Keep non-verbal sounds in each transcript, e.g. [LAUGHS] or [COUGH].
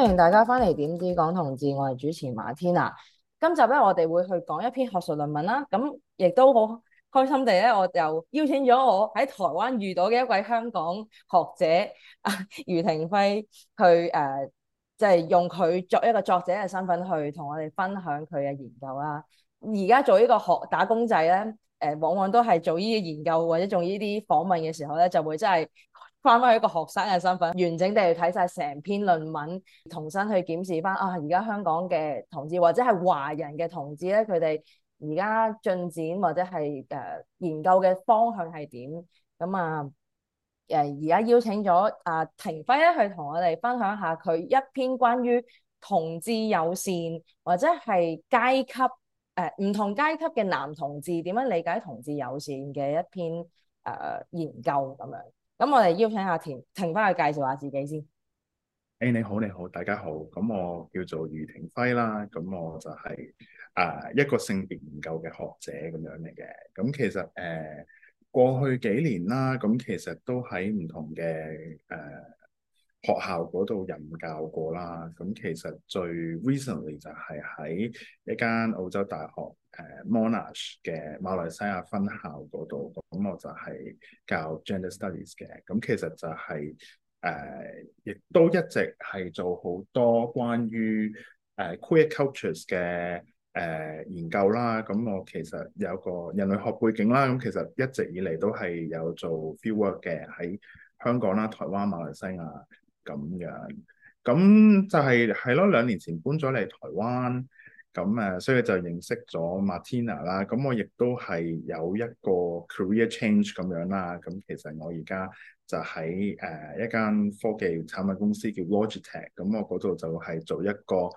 歡迎大家翻嚟《點知講同志》，我係主持馬天娜。今集咧，我哋會去講一篇學術論文啦。咁亦都好開心地咧，我就邀請咗我喺台灣遇到嘅一位香港學者余廷輝去誒，即係、呃就是、用佢作一個作者嘅身份去同我哋分享佢嘅研究啦。而家做呢個學打工仔咧，誒、呃，往往都係做呢啲研究或者做呢啲訪問嘅時候咧，就會真係，翻返去一個學生嘅身份，完整地睇晒成篇論文，重新去檢視返啊，而家香港嘅同志或者係華人嘅同志咧，佢哋而家進展或者係誒、呃、研究嘅方向係點咁啊？誒而家邀請咗阿、呃、庭輝咧去同我哋分享下佢一篇關於同志友善或者係階級誒唔、呃、同階級嘅男同志點樣理解同志友善嘅一篇誒、呃、研究咁樣。咁我哋邀請阿、啊、Ting-Fai 翻去介紹下自己先。誒、hey, 你好，你好，大家好。咁我叫做余庭輝啦。咁我就係、是、啊、呃、一個性別研究嘅學者咁樣嚟嘅。咁其實誒、呃、過去幾年啦，咁其實都喺唔同嘅誒、呃學校嗰度任教過啦，咁其實最 recently 就係喺一間澳洲大學誒、uh, Monash 嘅馬來西亞分校嗰度，咁我就係教 Gender Studies 嘅，咁其實就係誒亦都一直係做好多關於誒、uh, Queer cultures 嘅誒、uh, 研究啦，咁我其實有個人類學背景啦，咁其實一直以嚟都係有做 fieldwork 嘅喺香港啦、台灣、馬來西亞。咁樣，咁就係係咯。兩年前搬咗嚟台灣，咁誒，所以就認識咗 Matina 啦。咁我亦都係有一個 career change 咁樣啦。咁其實我而、呃、家就喺誒一間科技產品公司叫 Logitech，咁我嗰度就係做一個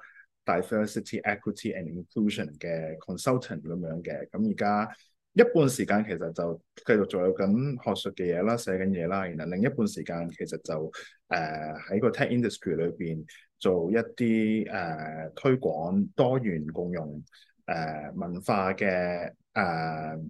diversity equity and inclusion 嘅 consultant 咁樣嘅。咁而家，一半時間其實就繼續做緊學術嘅嘢啦，寫緊嘢啦。然後另一半時間其實就誒喺個 tech industry 裏邊做一啲誒推廣多元共融誒、呃、文化嘅誒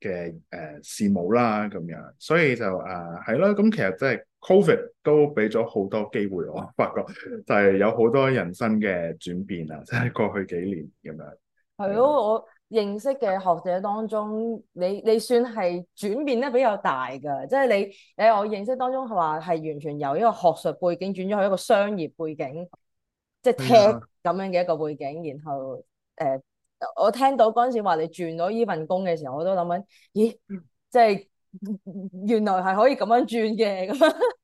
嘅誒事務啦咁樣。所以就誒係啦。咁其實即係 COVID 都俾咗好多機會我，發覺就係有好多人生嘅轉變啊！即係過去幾年咁樣。係咯，嗯、我。認識嘅學者當中，你你算係轉變得比較大㗎，即係你誒我認識當中係話係完全由一個學術背景轉咗去一個商業背景，即係 tech 咁樣嘅一個背景。然後誒、呃，我聽到嗰陣時話你轉咗依份工嘅時候，我都諗緊，咦，即係原來係可以咁樣轉嘅咁。 [LAUGHS]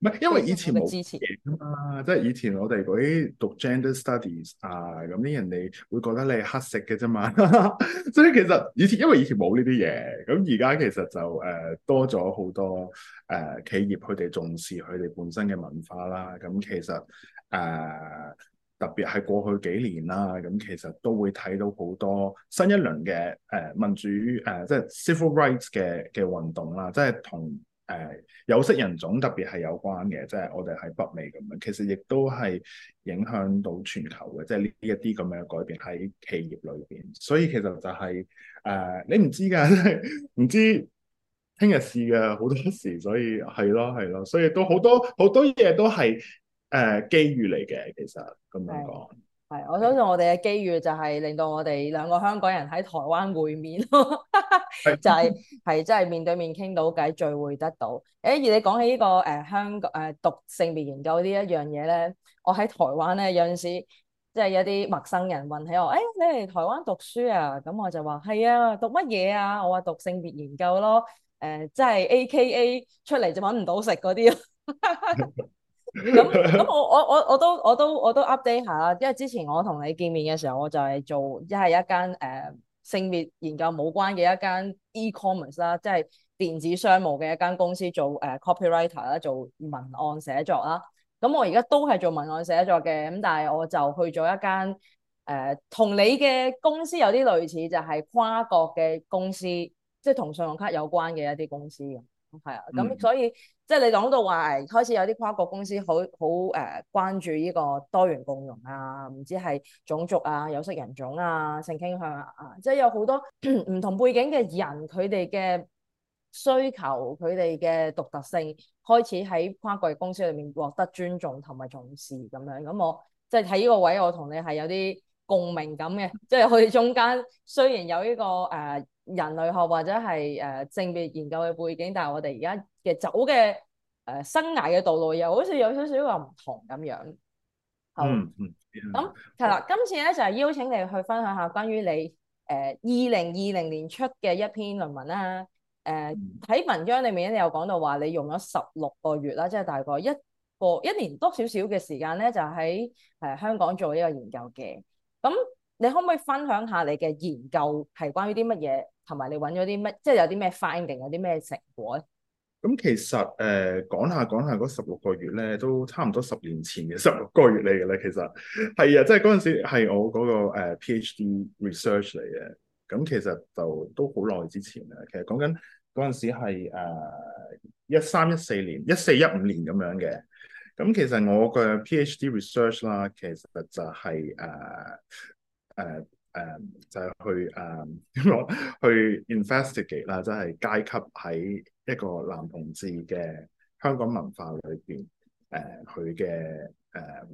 唔係，因為以前冇嘢啊嘛，持即係以前我哋嗰啲讀 gender studies 啊，咁啲人哋會覺得你係乞食嘅啫嘛， [LAUGHS] 所以其實以前因為以前冇呢啲嘢，咁而家其實就誒、呃、多咗好多誒、呃、企業，佢哋重視佢哋本身嘅文化啦，咁其實誒、呃、特別係過去幾年啦，咁其實都會睇到好多新一輪嘅誒、呃、民主誒、呃，即係 civil rights 嘅嘅運動啦，即係同，誒、uh, 有色人種特別係有關嘅，即、就、係、是、我哋喺北美咁樣，其實亦都係影響到全球嘅，即係呢一啲咁樣嘅改變喺企業裏邊。所以其實就係、是、誒，uh, 你唔知㗎，即 [LAUGHS] 唔知聽日試嘅好多時，所以係咯係咯，所以都好多好多嘢都係誒、uh, 機遇嚟嘅，其實咁樣講。係，我相信我哋嘅機遇就係令到我哋兩個香港人喺台灣會面咯， [LAUGHS] 就係、是、係 [LAUGHS] 真係面對面傾到偈，聚會得到。誒，而你講起呢、這個誒、呃、香港誒、呃、讀性別研究一呢一樣嘢咧，我喺台灣咧有陣時即係一啲陌生人問起我，誒，你嚟台灣讀書啊？咁、嗯、我就話係啊，讀乜嘢啊？我話讀性別研究咯，誒、呃，即係 A K A 出嚟就搵唔到食嗰啲。 [LAUGHS] [LAUGHS] 咁咁 [LAUGHS] 我我我我都我都我都 update 下啦，因為之前我同你見面嘅時候，我就係做一係一間誒、呃、性別研究冇關嘅一間 e-commerce 啦，即係電子商務嘅一間公司做誒 copywriter 啦，呃、copy writer，做文案寫作啦。咁我而家都係做文案寫作嘅，咁但係我就去咗一間誒同、呃、你嘅公司有啲類似，就係、是、跨國嘅公司，即係同信用卡有關嘅一啲公司。係啊，咁所以即係你講到話，誒、嗯，開始有啲跨國公司好好誒關注呢個多元共融啊，唔知係種族啊、有色人種啊、性傾向啊，即、啊、係、就是、有好多唔 [COUGHS] 同背景嘅人，佢哋嘅需求，佢哋嘅獨特性，開始喺跨國公司裏面獲得尊重同埋重視咁樣。咁我即係睇呢個位，我同你係有啲共鳴感嘅，即係佢哋中間雖然有呢個誒。呃人類學或者係誒性別研究嘅背景，但係我哋而家嘅走嘅誒、呃、生涯嘅道路又好似有少少話唔同咁樣。嗯嗯。咁係啦，今次咧就係、是、邀請你去分享下關於你誒二零二零年出嘅一篇論文啦。誒、呃，喺、嗯、文章裏面咧有講到話你用咗十六個月啦，即、就、係、是、大概一個一年多少少嘅時間咧，就喺、是、誒香港做呢個研究嘅。咁、嗯嗯你可唔可以分享下你嘅研究係關於啲乜嘢，同埋你揾咗啲乜，即係有啲咩 finding，有啲咩成果咧？咁其實誒、呃，講下講下嗰十六個月咧，都差唔多十年前嘅十六個月嚟嘅咧。其實係啊，即係嗰陣時係我嗰、嗰個、uh, PhD research 嚟嘅。咁其實就都好耐之前啦。其實講緊嗰陣時係一三一四年、一四一五年咁樣嘅。咁其實我嘅 PhD research 啦，其實就係、係、誒。Uh, 誒誒，就係去誒去 investigate 啦，即係階級喺一個男同志嘅香港文化裏邊，誒佢嘅誒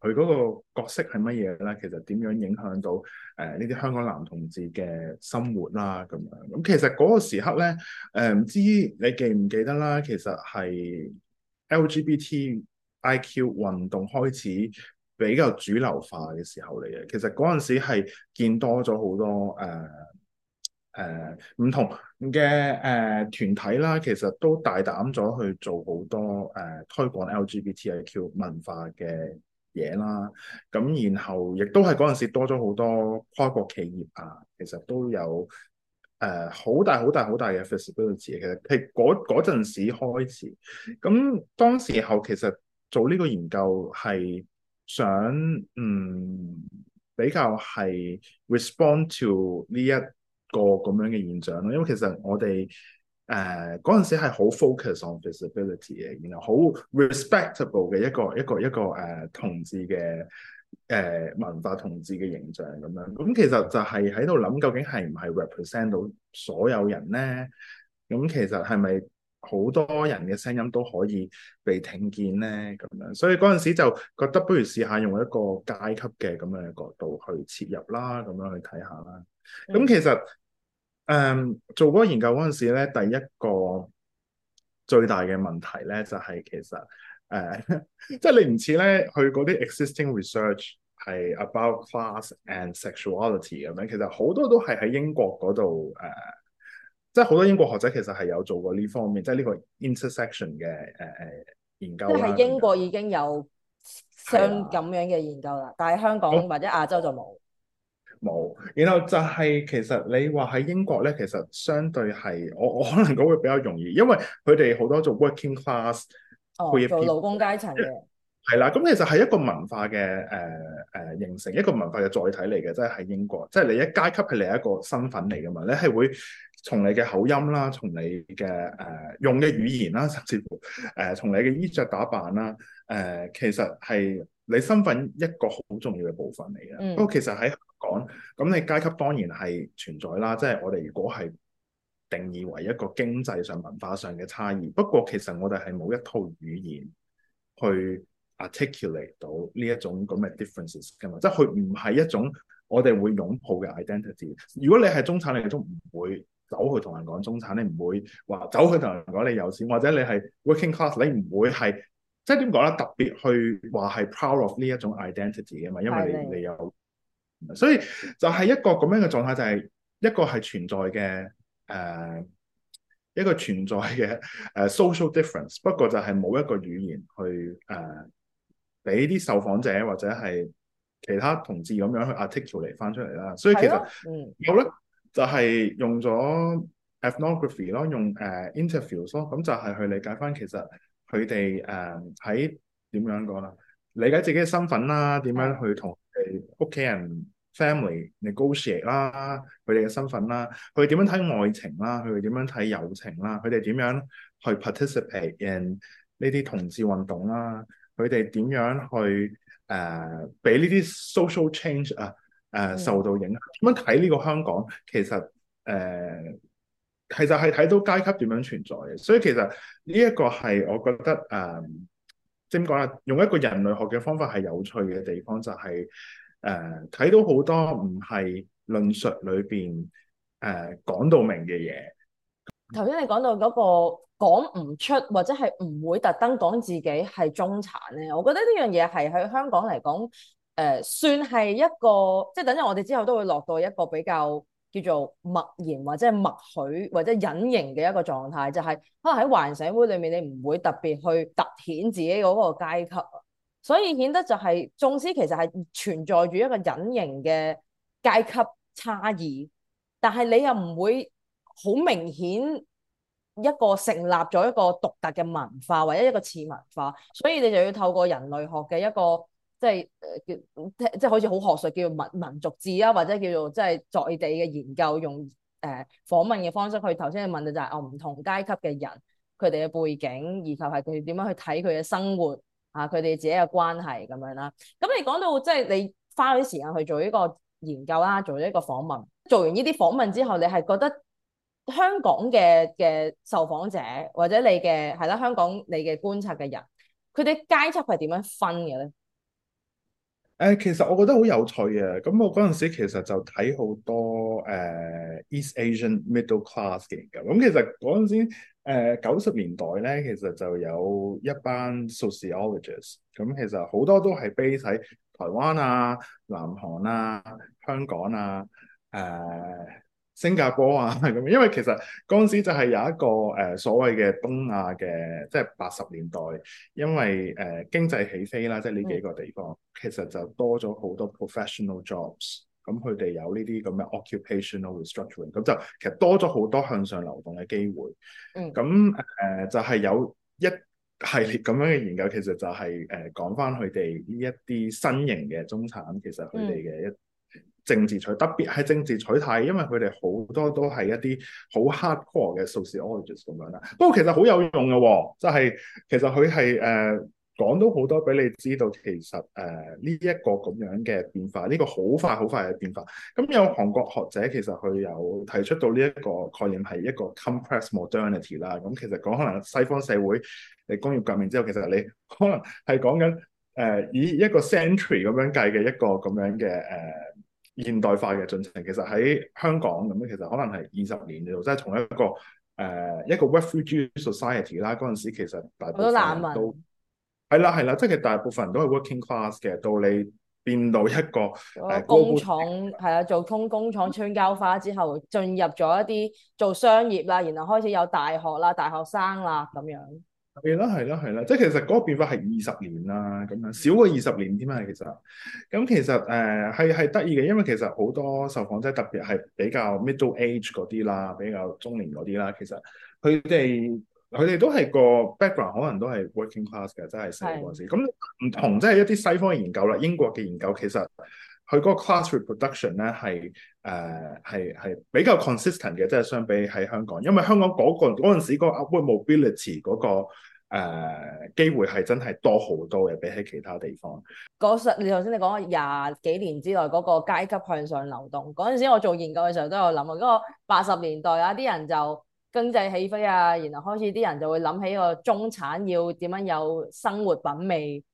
佢嗰個角色係乜嘢啦？其實點樣影響到誒呢啲香港男同志嘅生活啦？咁樣咁其實嗰個時刻咧，誒唔知你記唔記得啦？其實係 LGBTIQ 運動開始。比較主流化嘅時候嚟嘅，其實嗰陣時係見多咗好多誒誒唔同嘅誒、呃、團體啦，其實都大膽咗去做好多誒、呃、推廣 LGBTIQ 文化嘅嘢啦。咁然後亦都係嗰陣時多咗好多跨國企業啊，其實都有誒好、呃、大好大好大嘅 visibility。其實係嗰嗰陣時開始，咁當時候其實做呢個研究係。想嗯比較係 respond to 呢一個咁樣嘅現象咯，因為其實我哋誒嗰陣時係好 focus on visibility 嘅，然後好 respectable 嘅一,一個一個一個誒同志嘅誒、呃、文化同志嘅形象咁樣，咁、嗯、其實就係喺度諗究竟係唔係 represent 到所有人咧？咁、嗯、其實係咪？好多人嘅聲音都可以被聽見咧，咁樣，所以嗰陣時就覺得不如試下用一個階級嘅咁樣嘅角度去切入啦，咁樣去睇下啦。咁、嗯、其實誒、呃、做嗰個研究嗰陣時咧，第一個最大嘅問題咧就係、是、其實誒，即、呃、係、就是、你唔似咧去嗰啲 existing research 係 about class and sexuality 咁樣，其實好多都係喺英國嗰度誒。呃即係好多英國學者其實係有做過呢方面，即係呢個 intersection 嘅誒誒、呃、研究啦、啊。即係英國已經有相咁樣嘅研究啦，的但係香港或者亞洲就冇冇、哦哦。然後就係、是、其實你話喺英國咧，其實相對係我我可能講會比較容易，因為佢哋好多做 working class，、哦、比做勞工階層嘅係啦。咁其實係一個文化嘅誒誒形成，一個文化嘅載體嚟嘅，即係喺英國，即係你一階級係你一個身份嚟噶嘛，你係會。從你嘅口音啦，從你嘅誒、呃、用嘅語言啦，甚至乎誒、呃、從你嘅衣着打扮啦，誒、呃、其實係你身份一個好重要嘅部分嚟嘅。嗯、不過其實喺香港咁，你階級當然係存在啦。即係我哋如果係定義為一個經濟上、文化上嘅差異，不過其實我哋係冇一套語言去 articulate 到呢一種咁嘅 differences 㗎嘛。即係佢唔係一種我哋會擁抱嘅 identity。如果你係中產，你都唔會。走去同人講中產，你唔會話走去同人講你有錢，或者你係 working class，你唔會係即係點講咧？特別去話係 proud of 呢一種 identity 啊嘛，因為你你有，所以就係一個咁樣嘅狀態，就係、係、一個係存在嘅誒、呃，一個存在嘅誒 social difference。不過就係冇一個語言去誒俾啲受訪者或者係其他同志咁樣去 articulate 翻出嚟啦。所以其實好咧。就係用咗 ethnography 咯，用、uh, 誒 interviews 咯，咁就係去理解翻其實佢哋誒喺點樣講啦，理解自己嘅身份啦，點樣去同佢屋企人 family negotiate 啦，佢哋嘅身份啦，佢點樣睇愛情啦，佢點樣睇友情啦，佢哋點樣去 participate in 呢啲同志運動啦，佢哋點樣去誒俾呢啲 social change 啊、uh？誒受到影響，點樣睇呢個香港？其實誒，係就係睇到階級點樣存在嘅。所以其實呢一個係我覺得誒，點講啦？用一個人類學嘅方法係有趣嘅地方，就係誒睇到好多唔係論述裏邊誒講到明嘅嘢。頭先你講到嗰個講唔出或者係唔會特登講自己係中產咧，我覺得呢樣嘢係喺香港嚟講。誒、uh, 算係一個，即係等陣，我哋之後都會落到一個比較叫做默言或者默許或者隱形嘅一個狀態，就係、是、可能喺華人社會裏面，你唔會特別去突顯自己嗰個階級，所以顯得就係縱使其實係存在住一個隱形嘅階級差異，但係你又唔會好明顯一個成立咗一個獨特嘅文化或者一個次文化，所以你就要透過人類學嘅一個。即係誒叫即係好似好學術，叫做民民族誌啊，或者叫做即係在地嘅研究，用誒訪、呃、問嘅方式去頭先去問就係、是、哦，唔、呃、同階級嘅人佢哋嘅背景，以及係佢點樣去睇佢嘅生活吓，佢、啊、哋自己嘅關係咁樣啦。咁你講到即係你花咗啲時間去做呢個研究啦，做咗一個訪問，做完呢啲訪問之後，你係覺得香港嘅嘅受訪者或者你嘅係啦，香港你嘅觀察嘅人，佢哋階級係點樣分嘅咧？誒，其實我覺得好有趣啊。咁我嗰陣時其實就睇好多誒、uh, East Asian middle class 嘅人咁，其實嗰陣時誒九十年代咧，其實就有一班 sociologists，咁其實好多都係 base 喺台灣啊、南韓啊、香港啊，誒、uh,。新加坡啊，咁因為其實嗰時就係有一個誒、呃、所謂嘅東亞嘅，即係八十年代，因為誒、呃、經濟起飛啦，即係呢幾個地方，嗯、其實就多咗好多 professional jobs，咁佢哋有呢啲咁嘅 occupational restructuring，咁就其實多咗好多向上流動嘅機會。咁誒、嗯呃、就係、是、有一系列咁樣嘅研究，其實就係誒講返佢哋呢一啲新型嘅中產，其實佢哋嘅一。嗯政治取，特別係政治取態，因為佢哋好多都係一啲好 hardcore 嘅 sociologist 咁樣啦。不過其實好有用嘅、哦，就係、是、其實佢係誒講到好多俾你知道，其實誒呢一個咁樣嘅變化，呢、這個好快好快嘅變化。咁有韓國學者其實佢有提出到呢一個概念係一個 compressed modernity 啦。咁、嗯、其實講可能西方社會誒工業革命之後，其實你可能係講緊誒、呃、以一個 century 咁樣計嘅一個咁樣嘅誒。呃現代化嘅進程其實喺香港咁樣，其實可能係二十年度，即係從一個誒、呃、一個 refugee society 啦，嗰陣時其實大多數難民，都係啦係啦，即係其實大部分都係 working class 嘅，到你變到一個誒工廠係啦，做通工廠穿膠花之後，進入咗一啲做商業啦，然後開始有大學啦，大學生啦咁樣。係啦，係啦，係啦，即係其實嗰個變化係二十年啦，咁樣少過二十年添啊。其實咁其實誒係係得意嘅，因為其實好多受訪者特別係比較 middle age 嗰啲啦，比較中年嗰啲啦，其實佢哋佢哋都係個 background 可能都係 working class 嘅，真係細個時。咁唔同即係一啲西方嘅研究啦，英國嘅研究其實。佢嗰個 class reproduction 咧係誒係係比較 consistent 嘅，即係相比喺香港，因為香港嗰、嗰個嗰陣時嗰個 upward mobility 嗰、嗰個誒、呃、機會係真係多好多嘅，比起其他地方。嗰時你頭先你講廿幾年之內嗰、嗰個階級向上流動，嗰陣時我做研究嘅時候都有諗啊，嗰、嗰個八十年代啊，啲人就經濟起飛啊，然後開始啲人就會諗起個中產要點樣有生活品味。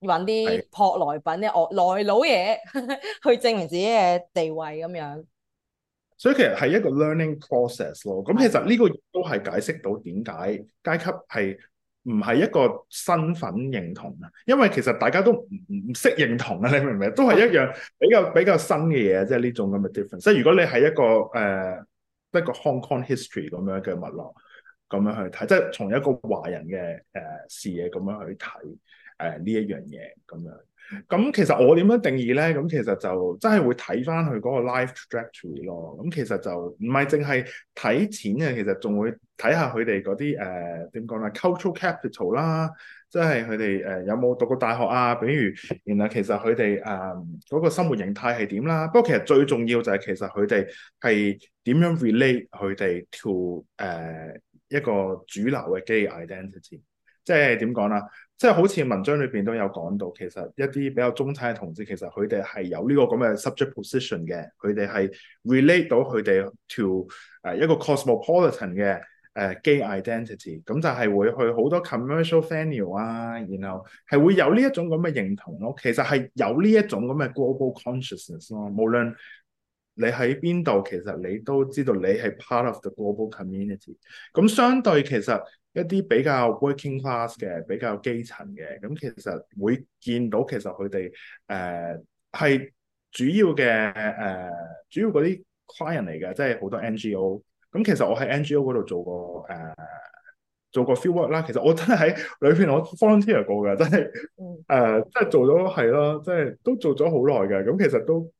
揾啲破來品咧，我來的老嘢爺 [LAUGHS] 去證明自己嘅地位咁樣。所以其實係一個 learning process 咯。咁其實呢個都係解釋到點解階級係唔係一個身份認同啊？因為其實大家都唔唔識認同啊，你明唔明？都係一樣比較比較新嘅嘢，即係呢種咁嘅 difference。即係如果你係一個誒一個 Hong Kong history 咁樣嘅脈絡，咁樣去睇，即係從一個華人嘅誒視野咁樣去睇。誒呢、啊、一樣嘢咁樣，咁、嗯嗯、其實我點樣定義咧？咁其實就真係會睇翻佢嗰個 life trajectory 咯。咁其實就唔係淨係睇錢嘅，其實仲會睇下佢哋嗰啲誒點講啦，cultural capital 啦，即係佢哋誒有冇讀過大學啊？比如然後其實佢哋誒嗰個生活形態係點啦。不過其實最重要就係其實佢哋係點樣 relate 佢哋 to 誒一個主流嘅 gay identity。即係點講啦？即係好似文章裏邊都有講到，其實一啲比較中產嘅同志，其實佢哋係有呢個咁嘅 subject position 嘅，佢哋係 relate 到佢哋 to 誒、呃、一個 cosmopolitan 嘅誒、呃、gay identity，咁就係會去好多 commercial venue 啊，然後係會有呢一種咁嘅認同咯，其實係有呢一種咁嘅 global consciousness 咯、啊，無論，你喺邊度，其實你都知道你係 part of the global community。咁相對其實一啲比較 working class 嘅比較基層嘅，咁其實會見到其實佢哋誒係主要嘅誒、呃、主要嗰啲 client 嚟嘅，即係好多 NGO。咁其實我喺 NGO 嗰度做過誒、呃、做過 field work 啦。其實我真係喺裏邊我 volunteer 過㗎，真係誒即係做咗係咯，即係都做咗好耐嘅。咁其實都。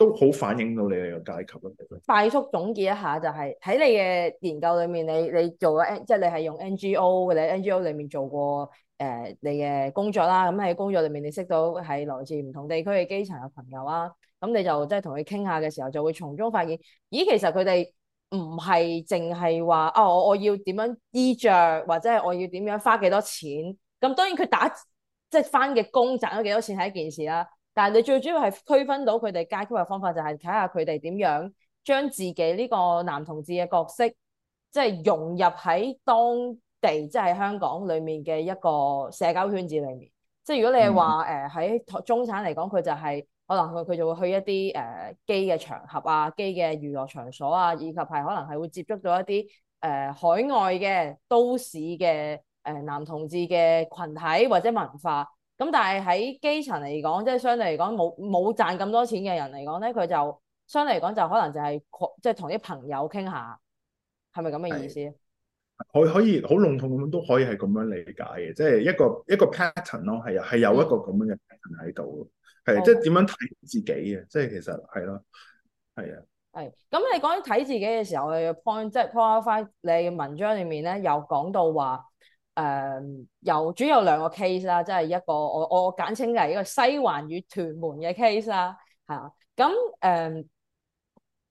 都好反映到你嘅階級咯。快速總結一下，就係，就係喺你嘅研究裏面，你你做咗 N，即係你係用 NGO 嘅，你喺 NGO 裏面做過誒、呃、你嘅工作啦。咁、嗯、喺工作裏面，你識到係來自唔同地區嘅基層嘅朋友啊。咁、嗯、你就即係同佢傾下嘅時候，就會從中發現，咦，其實佢哋唔係淨係話啊，我我要點樣衣着，或者係我要點樣花幾多錢。咁、嗯、當然佢打即係返嘅工賺咗幾多錢係一件事啦，啊。但係你最主要係區分到佢哋階級嘅方法，就係睇下佢哋點樣將自己呢個男同志嘅角色，即係融入喺當地，即係香港裡面嘅一個社交圈子裡面。即係如果你係話誒喺中產嚟講，佢就係可能佢佢就會去一啲誒 gay 嘅場合啊 gay 嘅娛樂場所啊，以及係可能係會接觸到一啲誒海外嘅都市嘅誒男同志嘅群體或者文化。咁但係喺基層嚟講，即係相對嚟講冇冇賺咁多錢嘅人嚟講咧，佢就相對嚟講就可能就係即係同啲朋友傾下，係咪咁嘅意思？可可以好籠統咁都可以係咁樣理解嘅，即係一個一個 pattern 咯，係啊，係有一個咁樣嘅 pattern 喺度咯，係即係點樣睇自己嘅，即係其實係咯，係啊，係。咁你講起睇自己嘅時候嘅 point，你嘅 point 即係 qualify，你嘅文章裡面咧有講到話。誒，有、嗯、主要有兩個 case 啦，即係一個我我簡稱就係一個西環與屯門嘅 case 啦、啊，吓咁誒，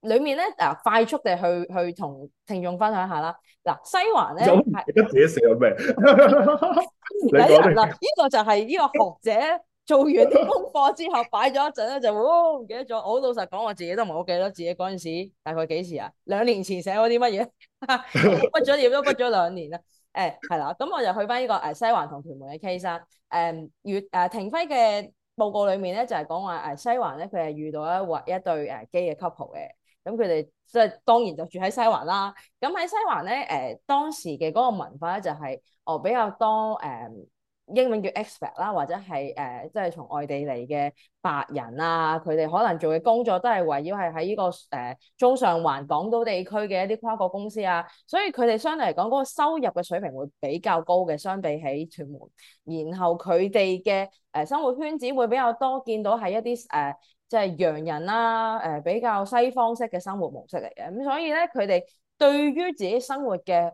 裏面咧嗱、啊，快速地去去同聽眾分享下啦。嗱、啊，西環咧，你得自己寫咗咩？嗱， [LAUGHS] 呢 [LAUGHS] 個就係呢個學者做完啲功課之後擺咗 [LAUGHS] 一陣咧，就、哦、唔記得咗。我好老實講，我自己都唔係好記得自己嗰陣時大概幾時啊？兩年前寫咗啲乜嘢？畢 [LAUGHS] 咗業都畢咗兩年啦。 [LAUGHS] 誒係啦，咁、嗯、我就去翻呢個誒西環同屯門嘅 case。誒月誒廷輝嘅報告裏面咧，就係講話誒西環咧，佢係遇到一戶一對誒 gay 嘅 couple 嘅，咁佢哋即係當然就住喺西環啦。咁喺西環咧，誒、呃、當時嘅嗰個文化咧，就係、是、哦比較多誒。呃英文叫 expert 啦，或者係誒，即、呃、係、就是、從外地嚟嘅白人啊，佢哋可能做嘅工作都係圍繞係喺呢個誒、呃、中上環港島地區嘅一啲跨國公司啊，所以佢哋相對嚟講嗰個收入嘅水平會比較高嘅，相比起屯門。然後佢哋嘅誒生活圈子會比較多，見到係一啲誒即係洋人啦，誒、呃、比較西方式嘅生活模式嚟嘅。咁所以咧，佢哋對於自己生活嘅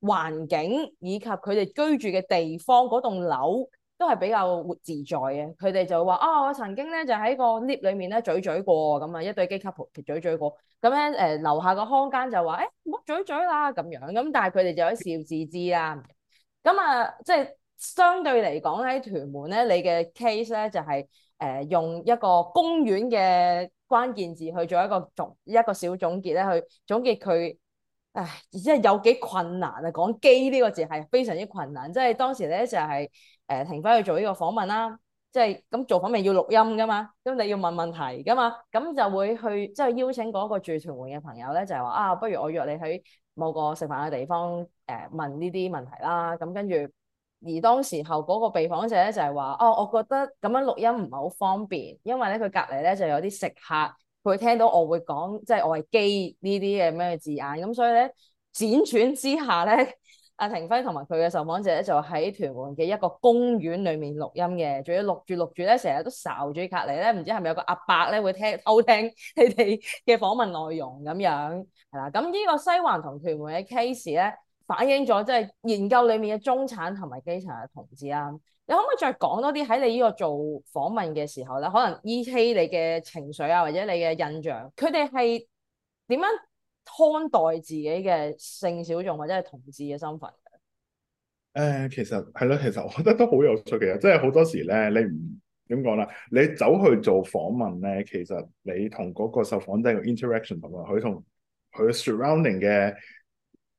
環境以及佢哋居住嘅地方嗰棟樓都係比較活自在嘅，佢哋就話啊、哦，我曾經咧就喺個 lift 裏面咧嘴嘴過咁啊，一對基 couple 嘴嘴過咁咧誒，樓下個空間就話誒唔好嘴嘴啦咁樣，咁、呃欸、但係佢哋就一笑自知啦。咁啊，即係相對嚟講喺屯門咧，你嘅 case 咧就係、是、誒、呃、用一個公園嘅關鍵字去做一個總一個小總結咧，去總結佢。唉，而真係有幾困難啊！講機呢個字係非常之困難。即係當時咧就係、是、誒、呃、停翻去做呢個訪問啦。即係咁做訪問要錄音噶嘛，咁你要問問題噶嘛，咁就會去即係邀請嗰個住屯門嘅朋友咧，就係、是、話啊，不如我約你喺某個食飯嘅地方誒、呃、問呢啲問題啦。咁跟住而當時候嗰個被訪者咧就係、是、話，哦、啊，我覺得咁樣錄音唔係好方便，因為咧佢隔離咧就有啲食客。佢聽到我會講即係我係基呢啲嘅咩字眼，咁所以咧輾轉之下咧，阿、啊、庭輝同埋佢嘅受訪者咧就喺屯門嘅一個公園裡面錄音嘅，仲要錄住錄住咧，成日都哨住隔離咧，唔知係咪有個阿伯咧會聽偷聽你哋嘅訪問內容咁樣，係啦。咁呢個西環同屯門嘅 case 咧，反映咗即係研究裡面嘅中產同埋基層嘅同志啊。你可唔可以再講多啲喺你呢個做訪問嘅時候咧，可能依稀你嘅情緒啊，或者你嘅印象，佢哋係點樣看待自己嘅性小眾或者係同志嘅身份嘅？誒、呃，其實係咯，其實我覺得都好有趣嘅，即係好多時咧，你唔點講啦？你走去做訪問咧，其實你同嗰個受訪者嘅 interaction 同埋佢同佢 surrounding 嘅。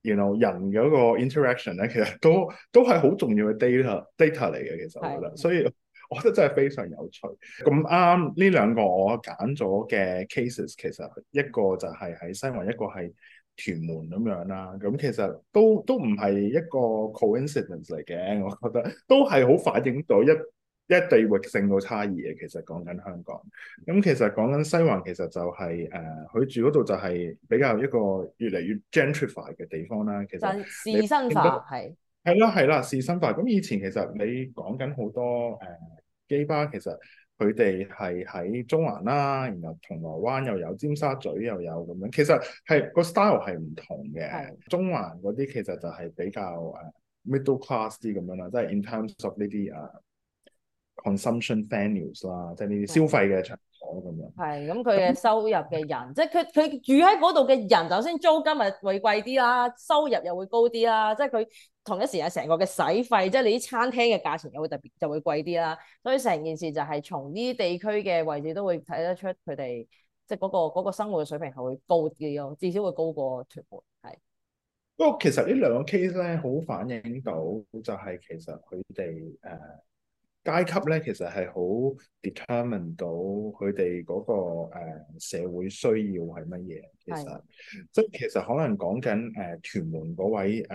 You know, 人嗰個 interaction 咧，其實都都係好重要嘅 data data 嚟嘅，其實我覺得，的所以我覺得真係非常有趣。咁啱呢兩個我揀咗嘅 cases，其實一個就係喺西環，的一個係屯門咁樣啦。咁其實都都唔係一個 coincidence 嚟嘅，我覺得都係好反映到一一地域性個差異嘅，其實講緊香港。咁其實講緊西環，其實,其實就係、是、誒，佢、呃、住嗰度就係比較一個越嚟越 gentrified 嘅地方啦。士紳化係係啦係啦士紳化。咁、嗯、以前其實你講緊好多誒基、呃、巴，其實佢哋係喺中環啦，然後銅鑼灣又有尖沙咀又有咁樣。其實係個 style 係唔同嘅。的中環嗰啲其實就係比較誒 middle class 啲咁樣啦，即係 in terms of 呢啲啊。consumption venues 啦、um 是，即係呢啲消費嘅場所咁樣。係咁，佢嘅收入嘅人， [LAUGHS] 即係佢佢住喺嗰度嘅人，首先租金咪會貴啲啦，收入又會高啲啦。即係佢同一時間成個嘅使費，即係你啲餐廳嘅價錢又會特別就會貴啲啦。所以成件事就係從呢啲地區嘅位置都會睇得出佢哋即係嗰個嗰個生活嘅水平係會高啲咯，至少會高過屯門係。不過其實呢兩個 case 咧，好反映到就係其實佢哋誒。Uh, 階級咧，其實係好 determine 到佢哋嗰個、uh, 社會需要係乜嘢，其實的即係其實可能講緊誒屯門嗰位誒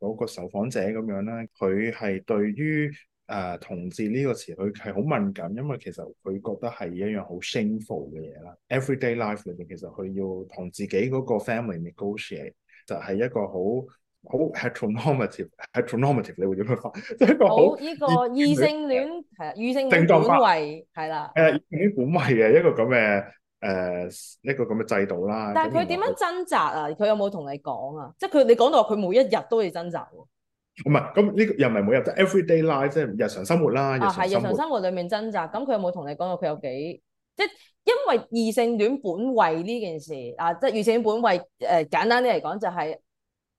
嗰、uh, 個受訪者咁樣啦，佢係對於誒、uh, 同志呢個詞佢係好敏感，因為其實佢覺得係一樣好 shameful 嘅嘢啦。Everyday life 裏邊其實佢要同自己嗰個 family negotiate 就係一個好。好，heteronormative，heteronormative，你會點去講？即係一個好呢個異性戀係啊，異性戀本位係啦。誒，異性戀本位嘅一個咁嘅誒，一個咁嘅、呃、制度啦。但係佢點樣掙扎啊？佢有冇同你講啊？即係佢，你講到話佢每一日都要掙扎喎。唔係，咁呢個又唔係每一日，即係 everyday life，即係日常生活啦。活啊，係日常生活裏面掙扎。咁佢有冇同你講過佢有幾？即、就、係、是、因為異性戀本位呢件事啊，即係異性戀本位誒、呃，簡單啲嚟講就係、是。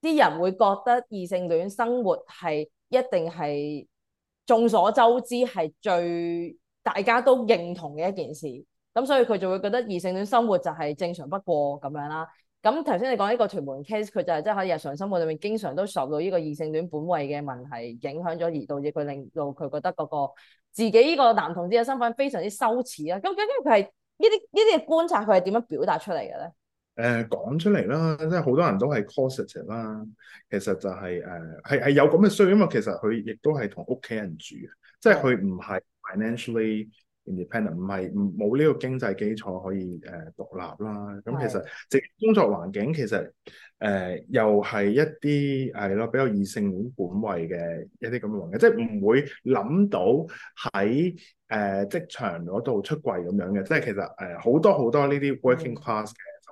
啲人會覺得異性戀生活係一定係眾所周知係最大家都認同嘅一件事，咁所以佢就會覺得異性戀生活就係正常不過咁樣啦。咁頭先你講呢個屯門 case，佢就係即係喺日常生活裏面經常都受到呢個異性戀本位嘅問題影響咗而導致佢令到佢覺得嗰個自己呢個男同志嘅身份非常之羞恥啦。咁究竟佢係呢啲呢啲觀察佢係點樣表達出嚟嘅咧？誒講、呃、出嚟啦，即係好多人都係 closeted 啦。其實就係誒係係有咁嘅需要，因為其實佢亦都係同屋企人住，嗯、即係佢唔係 financially independent，唔係冇呢個經濟基礎可以誒、呃、獨立啦。咁、嗯、其實職工作環境其實誒、呃、又係一啲係咯比較異性本位嘅一啲咁嘅環境，即係唔會諗到喺誒、呃、職場嗰度出櫃咁樣嘅。即係其實誒好、呃、多好多呢啲 working class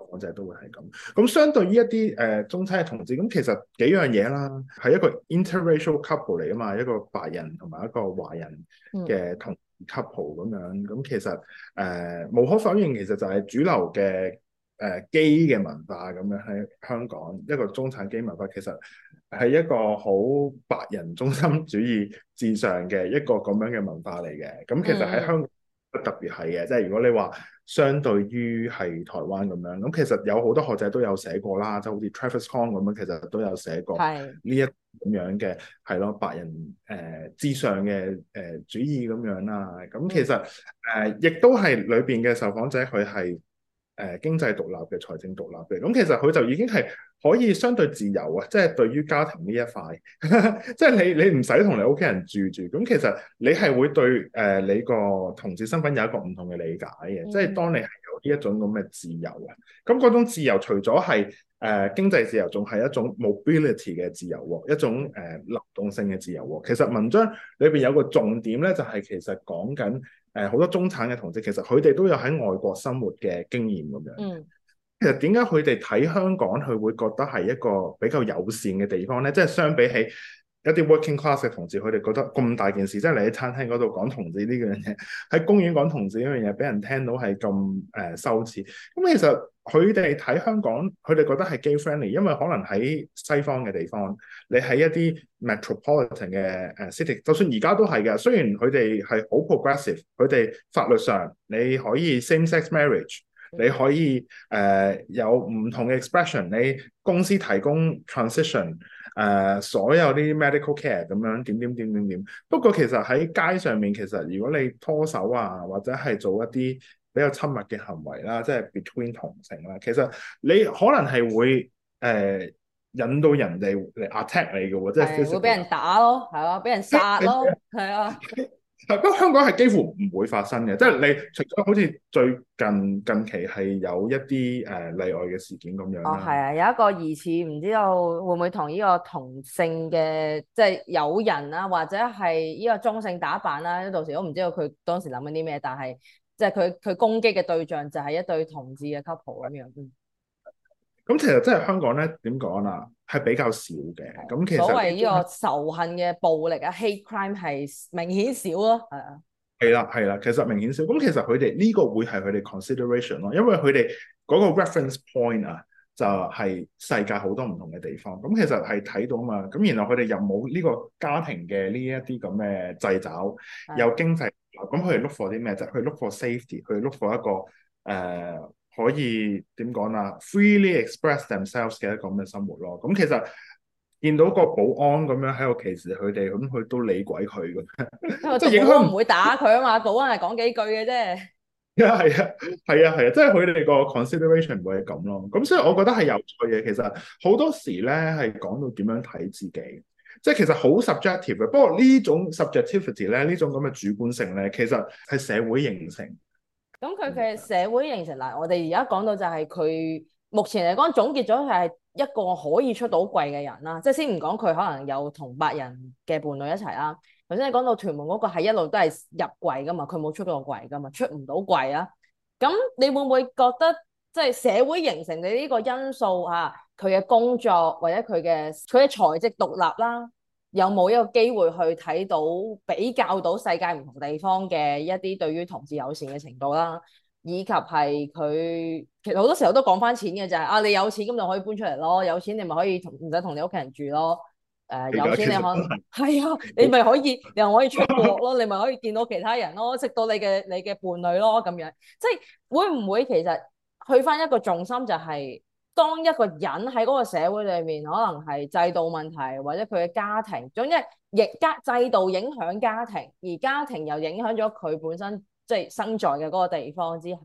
我就都會係咁，咁相對於一啲誒、呃、中產嘅同志，咁其實幾樣嘢啦，係一個 interracial couple 嚟啊嘛，一個白人同埋一個華人嘅同 couple 咁樣，咁其實誒、呃、無可否認，其實就係主流嘅誒 gay 嘅文化咁樣喺香港，一個中產基文化其實係一個好白人中心主義至上嘅一個咁樣嘅文化嚟嘅，咁其實喺香港特別係嘅，即係如果你話。相對於係台灣咁樣，咁其實有好多學者都有寫過啦，即係好似 Travis Kong 咁樣，其實都有寫過呢一咁樣嘅係咯白人誒、呃、至上嘅誒、呃、主義咁樣啦，咁其實誒、呃、亦都係裏邊嘅受訪者佢係。誒經濟獨立嘅財政獨立嘅，咁其實佢就已經係可以相對自由啊！即係對於家庭呢一塊，即 [LAUGHS] 係你你唔使同你屋企人住住，咁其實你係會對誒你個同志身份有一個唔同嘅理解嘅，嗯、即係當你係有呢一種咁嘅自由啊！咁嗰種自由除咗係誒經濟自由，仲係一種 mobility 嘅自由喎，一種誒流動性嘅自由喎。其實文章裏邊有個重點咧，就係其實講緊。誒好多中產嘅同志，其實佢哋都有喺外國生活嘅經驗咁樣。嗯，其實點解佢哋睇香港，佢會覺得係一個比較友善嘅地方咧？即係相比起。一啲 working class 嘅同志，佢哋覺得咁大件事，即係你喺餐廳嗰度講同志呢樣嘢，喺公園講同志呢樣嘢，俾人聽到係咁誒羞恥。咁、嗯、其實佢哋睇香港，佢哋覺得係 gay friendly，因為可能喺西方嘅地方，你喺一啲 metropolitan 嘅誒 city，就算而家都係嘅。雖然佢哋係好 progressive，佢哋法律上你可以 same sex marriage，你可以誒、呃、有唔同嘅 expression，你公司提供 transition。誒、uh，所有啲 medical care 咁樣點，點點點點點，不過其實喺街上面，其實如果你拖手啊，或者係做一啲比較親密嘅行為啦、啊，即、就、係、是、between 同性啦、啊，其實你可能係會誒、呃、引到人哋嚟 attack 你嘅喎、啊，即係少少俾人打咯，係 [LAUGHS] 啊，俾人殺咯，係 [LAUGHS] 啊。 [LAUGHS] 香港係幾乎唔會發生嘅，即係你除咗好似最近近期係有一啲誒例外嘅事件咁樣哦，係啊，有一個疑似唔知道會唔會同呢個同性嘅即係友人啊，或者係呢個中性打扮啦、啊，到時都唔知道佢當時諗緊啲咩，但係即係佢佢攻擊嘅對象就係一對同志嘅 couple 咁樣。嗯。咁其實即係香港咧點講啊？係比較少嘅，咁其實所謂呢個仇恨嘅暴力啊，hate crime 係明顯少咯，係啊，係啦係啦，其實明顯少。咁其實佢哋呢個會係佢哋 consideration 咯，因為佢哋嗰個 reference point 啊，就係、是、世界好多唔同嘅地方。咁其實係睇到啊嘛。咁然後佢哋又冇呢個家庭嘅呢一啲咁嘅掣肘，的有經濟咁，佢哋 look for 啲咩啫？佢、就是、look for safety，佢 look for 一個誒。呃可以點講啦？freely express themselves 嘅一個咁嘅生活咯？咁其實見到個保安咁樣喺度歧視佢哋，咁佢都理鬼佢嘅，即係影響唔會打佢啊嘛！ [LAUGHS] 保安係講幾句嘅啫。係啊，係啊，係啊，即係佢哋個 consideration 會係咁咯。咁所以我覺得係有趣嘅。其實好多時咧，係講到點樣睇自己，即係其實好 subjective 嘅。不過呢種 subjectivity 咧，呢種咁嘅主觀性咧，其實係社會形成。咁佢嘅社會形成嗱，我哋而家講到就係佢目前嚟講總結咗佢係一個可以出到櫃嘅人啦，即係先唔講佢可能有同白人嘅伴侶一齊啦。頭先你講到屯門嗰個係一路都係入櫃噶嘛，佢冇出到櫃噶嘛，出唔到櫃啊。咁你會唔會覺得即係社會形成嘅呢個因素吓，佢嘅工作或者佢嘅佢嘅財政獨立啦？有冇一個機會去睇到比較到世界唔同地方嘅一啲對於同志友善嘅程度啦，以及係佢其實好多時候都講翻錢嘅就係啊，你有錢咁就可以搬出嚟咯，有錢你咪可以同唔使同你屋企人住咯，誒、呃、有錢你可能係其實 啊，你咪可以又可以出國咯， [LAUGHS] 你咪可以見到其他人咯，識到你嘅你嘅伴侶咯咁樣，即係會唔會其實去翻一個重心就係、是？當一個人喺嗰個社會裏面，可能係制度問題，或者佢嘅家庭，總之係家制度影響家庭，而家庭又影響咗佢本身，即係生在嘅嗰個地方之下，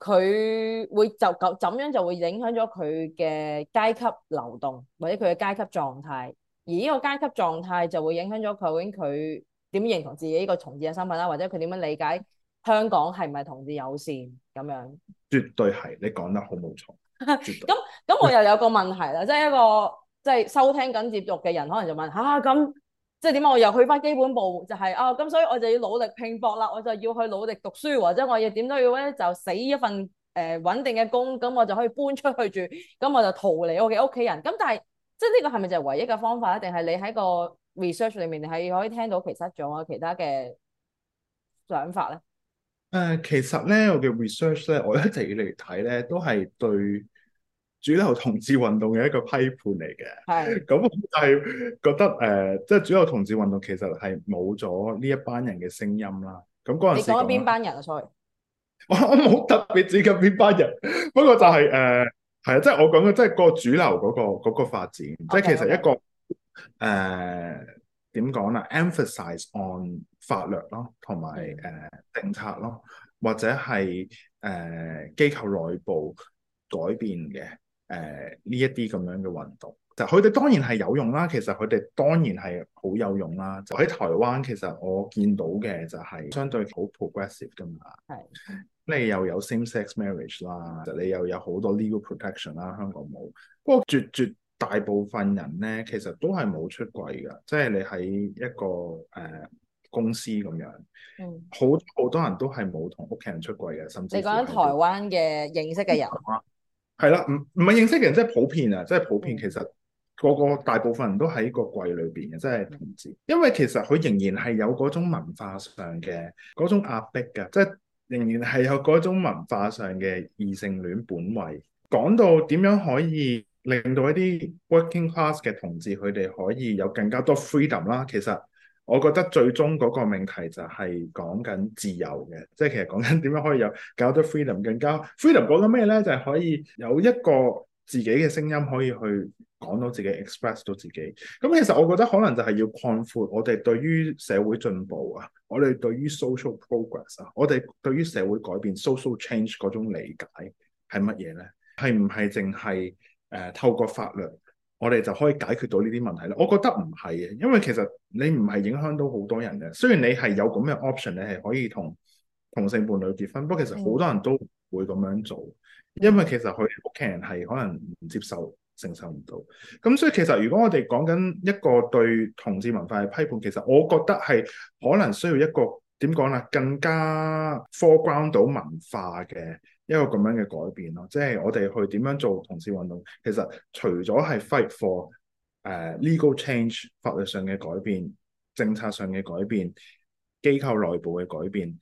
佢會就，咁樣就會影響咗佢嘅階級流動，或者佢嘅階級狀態。而呢個階級狀態就會影響咗究竟佢點認同自己呢個同志嘅身份啦，或者佢點樣理解香港係唔係同志友善咁樣？絕對係，你講得好冇錯。咁咁，我又有個問題啦，即係一個即係收聽緊接觸嘅人，可能就問吓，咁即係點啊？我又去翻基本步，就係、是、啊咁，所以我就要努力拼搏啦，我就要去努力讀書，或者我要點都要咧，就死一份誒、呃、穩定嘅工，咁、嗯、我就可以搬出去住，咁、嗯、我就逃離我嘅屋企人。咁、嗯、但係即係呢個係咪就係唯一嘅方法咧？定係你喺個 research 裡面係可以聽到其實仲有其他嘅想法咧？誒、呃，其實咧，我嘅 research 咧，我一直以嚟睇咧，都係對。主流同志運動嘅一個批判嚟嘅，咁的就係覺得誒，即、呃、係、就是、主流同志運動其實係冇咗呢一班人嘅聲音啦。咁嗰陣時，你講咗邊班人啊？sorry， [LAUGHS] 我冇特別指緊邊班人， [LAUGHS] 不過就係、是、誒，係、呃、啊，即、就、係、是、我講嘅，即係個主流嗰、那個嗰、那個發展，Okay. 即係其實一個誒，點、呃、講啦？emphasize on 法律咯，同埋誒政策咯，或者係誒機構內部改變嘅。誒呢一啲咁樣嘅運動，就佢哋當然係有用啦。其實佢哋當然係好有用啦。就喺台灣，其實我見到嘅就係相對好 progressive 噶嘛。係的，你又有 same sex marriage 啦，就你又有好多 legal protection 啦。香港冇，不過絕絕大部分人咧，其實都係冇出櫃嘅，即係你喺一個誒、呃、公司咁樣，嗯、好好多人都係冇同屋企人出櫃嘅，甚至你講緊台灣嘅認識嘅人。係啦，唔唔係認識嘅人，即係普遍啊，即係普遍。其實個個大部分人都喺個櫃裏邊嘅，即係同志。因為其實佢仍然係有嗰種文化上嘅嗰種壓迫嘅，即係仍然係有嗰種文化上嘅異性戀本位。講到點樣可以令到一啲 working class 嘅同志佢哋可以有更加多 freedom 啦，其實。我覺得最終嗰個命題就係講緊自由嘅，即係其實講緊點樣可以有 greater freedom，更加 freedom 講緊咩咧？就係、是、可以有一個自己嘅聲音可以去講到自己，express 到自己。咁其實我覺得可能就係要擴闊我哋對於社會進步啊，我哋對於 social progress 啊，我哋對於社會改變 social change 嗰種理解係乜嘢咧？係唔係淨係誒透過法律？我哋就可以解決到呢啲問題咧。我覺得唔係嘅，因為其實你唔係影響到好多人嘅。雖然你係有咁嘅 option，你係可以同同性伴侶結婚，不過其實好多人都唔會咁樣做，因為其實佢屋企人係可能唔接受、承受唔到。咁所以其實如果我哋講緊一個對同志文化嘅批判，其實我覺得係可能需要一個點講啦，更加 foreground 到文化嘅。一個咁樣嘅改變咯，即係我哋去點樣做同志運動。其實除咗係 fight for、uh, legal change 法律上嘅改變、政策上嘅改變、機構內部嘅改變，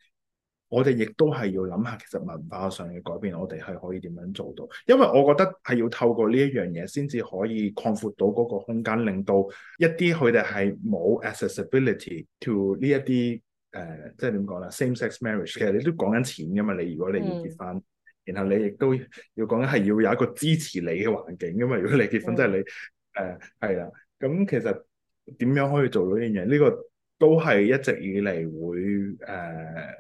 我哋亦都係要諗下，其實文化上嘅改變，我哋係可以點樣做到？因為我覺得係要透過呢一樣嘢，先至可以擴闊到嗰個空間，令到一啲佢哋係冇 accessibility to 呢一啲。誒、呃，即係點講咧？Same-sex marriage 其實你都講緊錢噶嘛？你如果你要結婚，嗯、然後你亦都要講緊係要有一個支持你嘅環境噶嘛？如果你結婚，即係、嗯、你誒係啦。咁、呃嗯、其實點樣可以做到呢樣嘢？呢、這個都係一直以嚟會誒、呃、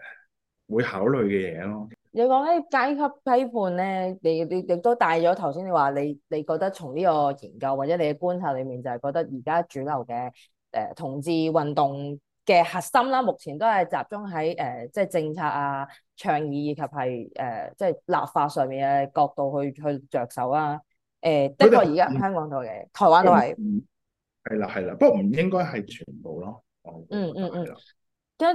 會考慮嘅嘢咯。你講咧階級批判咧，你你亦都帶咗頭先你話你你，你覺得從呢個研究或者你嘅觀察裏面，就係覺得而家主流嘅誒同志運動嘅核心啦、啊，目前都係集中喺誒、呃，即係政策啊、倡議以及係誒、呃，即係立法上面嘅角度去去着手啊。誒、呃，的確而家香港度嘅，嗯、台灣都係。係啦，係啦，不過唔應該係全部咯。嗯嗯嗯。嗯，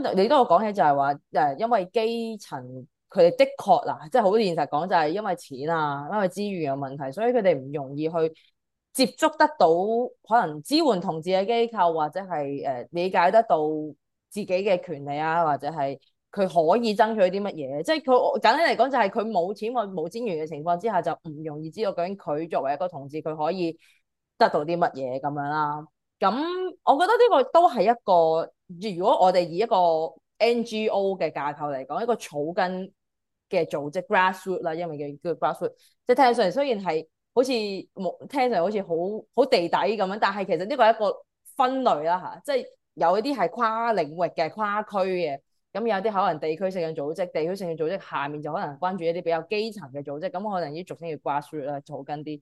你跟你都講起就係話誒，因為基層佢哋的確嗱、啊，即、就、係、是、好現實講就係因為錢啊，因為資源嘅問題，所以佢哋唔容易去接觸得到可能支援同志嘅機構，或者係誒、呃、理解得到自己嘅權利啊，或者係佢可以爭取啲乜嘢？即係佢簡單嚟講，就係佢冇錢，佢冇資源嘅情況之下，就唔容易知道究竟佢作為一個同志，佢可以得到啲乜嘢咁樣啦。咁我覺得呢個都係一個，如果我哋以一個 NGO 嘅架構嚟講，一個草根嘅組織 （grassroot） 啦，Grass root, 因為叫 grassroot，即係聽上嚟雖然係。好似冇聽上好似好好地底咁樣，但係其實呢個係一個分類啦吓、啊，即係有一啲係跨領域嘅、跨區嘅，咁有啲可能地區性嘅組織，地區性嘅組織下面就可能關注一啲比較基層嘅組織，咁、嗯、可能要逐漸要掛樹啦，草、啊、根啲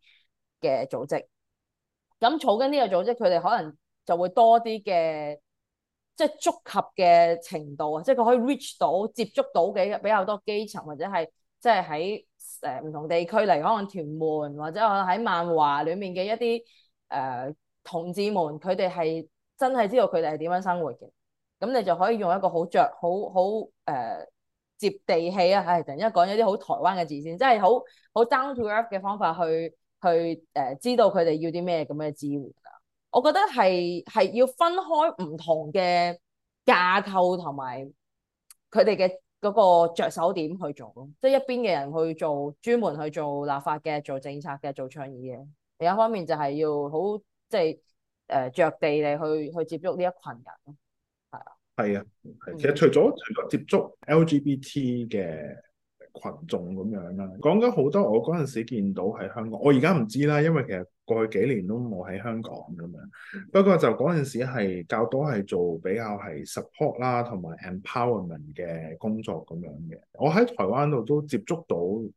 嘅組織。咁草根呢嘅組織，佢哋可能就會多啲嘅，即、就、係、是、觸及嘅程度啊，即係佢可以 reach 到、接觸到嘅比較多基層或者係即係喺。就是誒，唔同地區嚟，可能屯門或者我喺漫畫裡面嘅一啲誒、呃、同志們，佢哋係真係知道佢哋係點樣生活嘅。咁你就可以用一個好著好好誒接地氣，啊、哎！唉，突然之間講一啲好台灣嘅字先，真係好好 down to earth 嘅方法去去誒、呃、知道佢哋要啲咩咁嘅支援啊！我覺得係係要分開唔同嘅架構同埋佢哋嘅。嗰個著手點去做咯，即係一邊嘅人去做專門去做立法嘅、做政策嘅、做倡議嘅，另一方面就係要好即係誒著地嚟去去接觸呢一群人咯，係啊，係啊，係。其實除咗除咗接觸 LGBT 嘅。群眾咁樣啦，講緊好多我嗰陣時見到喺香港，我而家唔知啦，因為其實過去幾年都冇喺香港咁樣。不過就嗰陣時係較多係做比較係 support 啦同埋 empowerment 嘅工作咁樣嘅。我喺台灣度都接觸到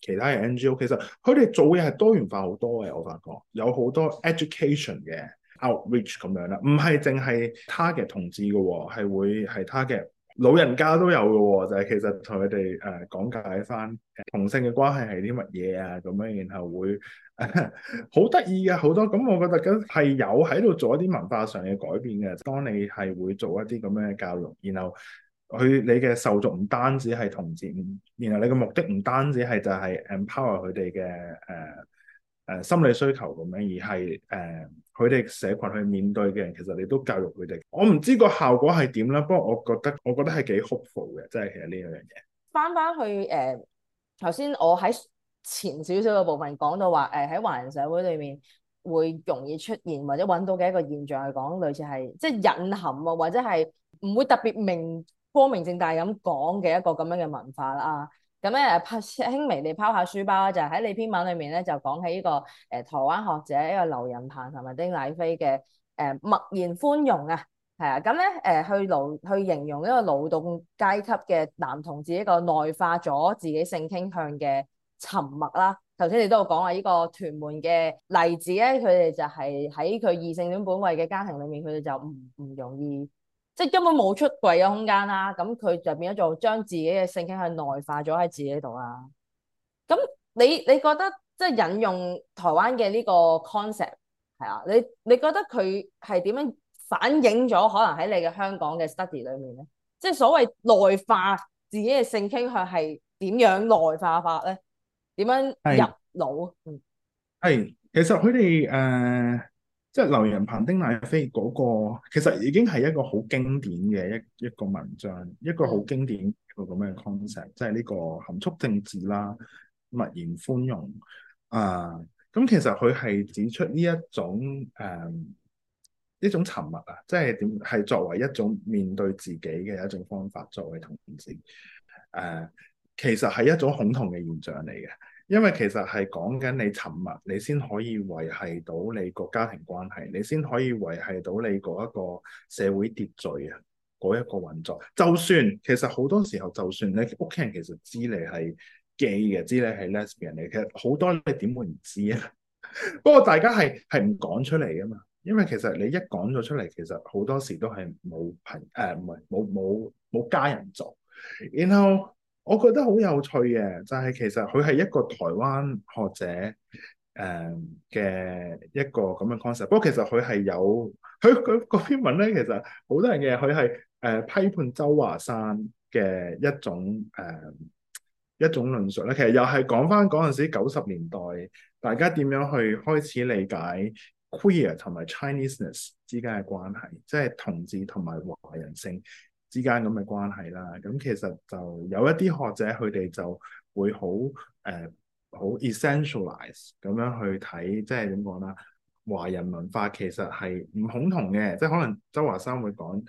其他嘅 NGO，其實佢哋做嘢係多元化好多嘅。我發覺有好多 education 嘅 outreach 咁樣啦，唔係淨係 target 同志嘅，係會係 target。老人家都有嘅喎，就係、是、其實同佢哋誒講解返同性嘅關係係啲乜嘢啊咁樣，然後會好得意嘅好多。咁我覺得咁係有喺度做一啲文化上嘅改變嘅。當你係會做一啲咁樣嘅教育，然後佢你嘅受眾唔單止係同志，然後你嘅目的唔單止係就係 empower 佢哋嘅誒誒、呃呃、心理需求咁樣，而係誒。呃佢哋社群去面對嘅人，其實你都教育佢哋。我唔知個效果係點啦，不過我覺得，我覺得係幾 hopeful 嘅，即係其實呢樣嘢。返返去誒，頭、呃、先我喺前少少嘅部分講到話誒，喺、呃、華人社會裏面會容易出現或者揾到嘅一個現象係講類似係即係隱含啊，或者係唔會特別明光明正大咁講嘅一個咁樣嘅文化啦、啊。咁咧誒，輕微地拋下書包啊，就喺、是、你篇文裏面咧，就講起呢個誒、呃、台灣學者一個劉人鵬同埋丁乃非嘅誒默然寬容啊，係啊，咁咧誒去勞去形容一個勞動階級嘅男同志一個內化咗自己性傾向嘅沉默啦。頭先你都有講話呢個屯門嘅例子咧，佢哋就係喺佢異性戀本位嘅家庭裏面，佢哋就唔唔容易。即係根本冇出櫃嘅空間啦，咁佢就變咗做將自己嘅性傾向內化咗喺自己度啦。咁你你覺得即係引用台灣嘅呢個 concept 係啊？你你覺得佢係點樣反映咗可能喺你嘅香港嘅 study 裡面咧？即係所謂內化自己嘅性傾向係點樣內化法咧？點樣入腦？嗯，係其實佢哋誒。Uh 即係劉人鵬丁乃非嗰、那個，其實已經係一個好經典嘅一一個文章，一個好經典嗰咁嘅 concept，即係呢個含蓄政治啦、默然寬容啊，咁、呃、其實佢係指出呢一種誒呢、呃、種沉默啊，即係點係作為一種面對自己嘅一種方法，作為同志誒、呃，其實係一種恐同嘅現象嚟嘅。因為其實係講緊你沉默，你先可以維係到你個家庭關係，你先可以維係到你嗰一個社會秩序啊，嗰一個運作。就算其實好多時候，就算你屋企人其實知你係 gay 嘅，知你係 lesbian 嘅，其實好多你點會唔知啊？ [LAUGHS] 不過大家係係唔講出嚟㗎嘛，因為其實你一講咗出嚟，其實好多時都係冇朋誒唔係冇冇冇家人做，然後。我覺得好有趣嘅，就係、是、其實佢係一個台灣學者誒嘅一個咁嘅 concept。不過其實佢係有佢佢嗰篇文咧，其實好多人嘅佢係誒批判周華山嘅一種誒、呃、一種論述咧。其實又係講翻嗰陣時九十年代大家點樣去開始理解 queer 同埋 chineseness 之間嘅關係，即係同志同埋華人性。之間咁嘅關係啦，咁其實就有一啲學者佢哋就會好誒好、呃、essentialise 咁樣去睇，即係點講啦？華人文化其實係唔恐同嘅，即係可能周華山會講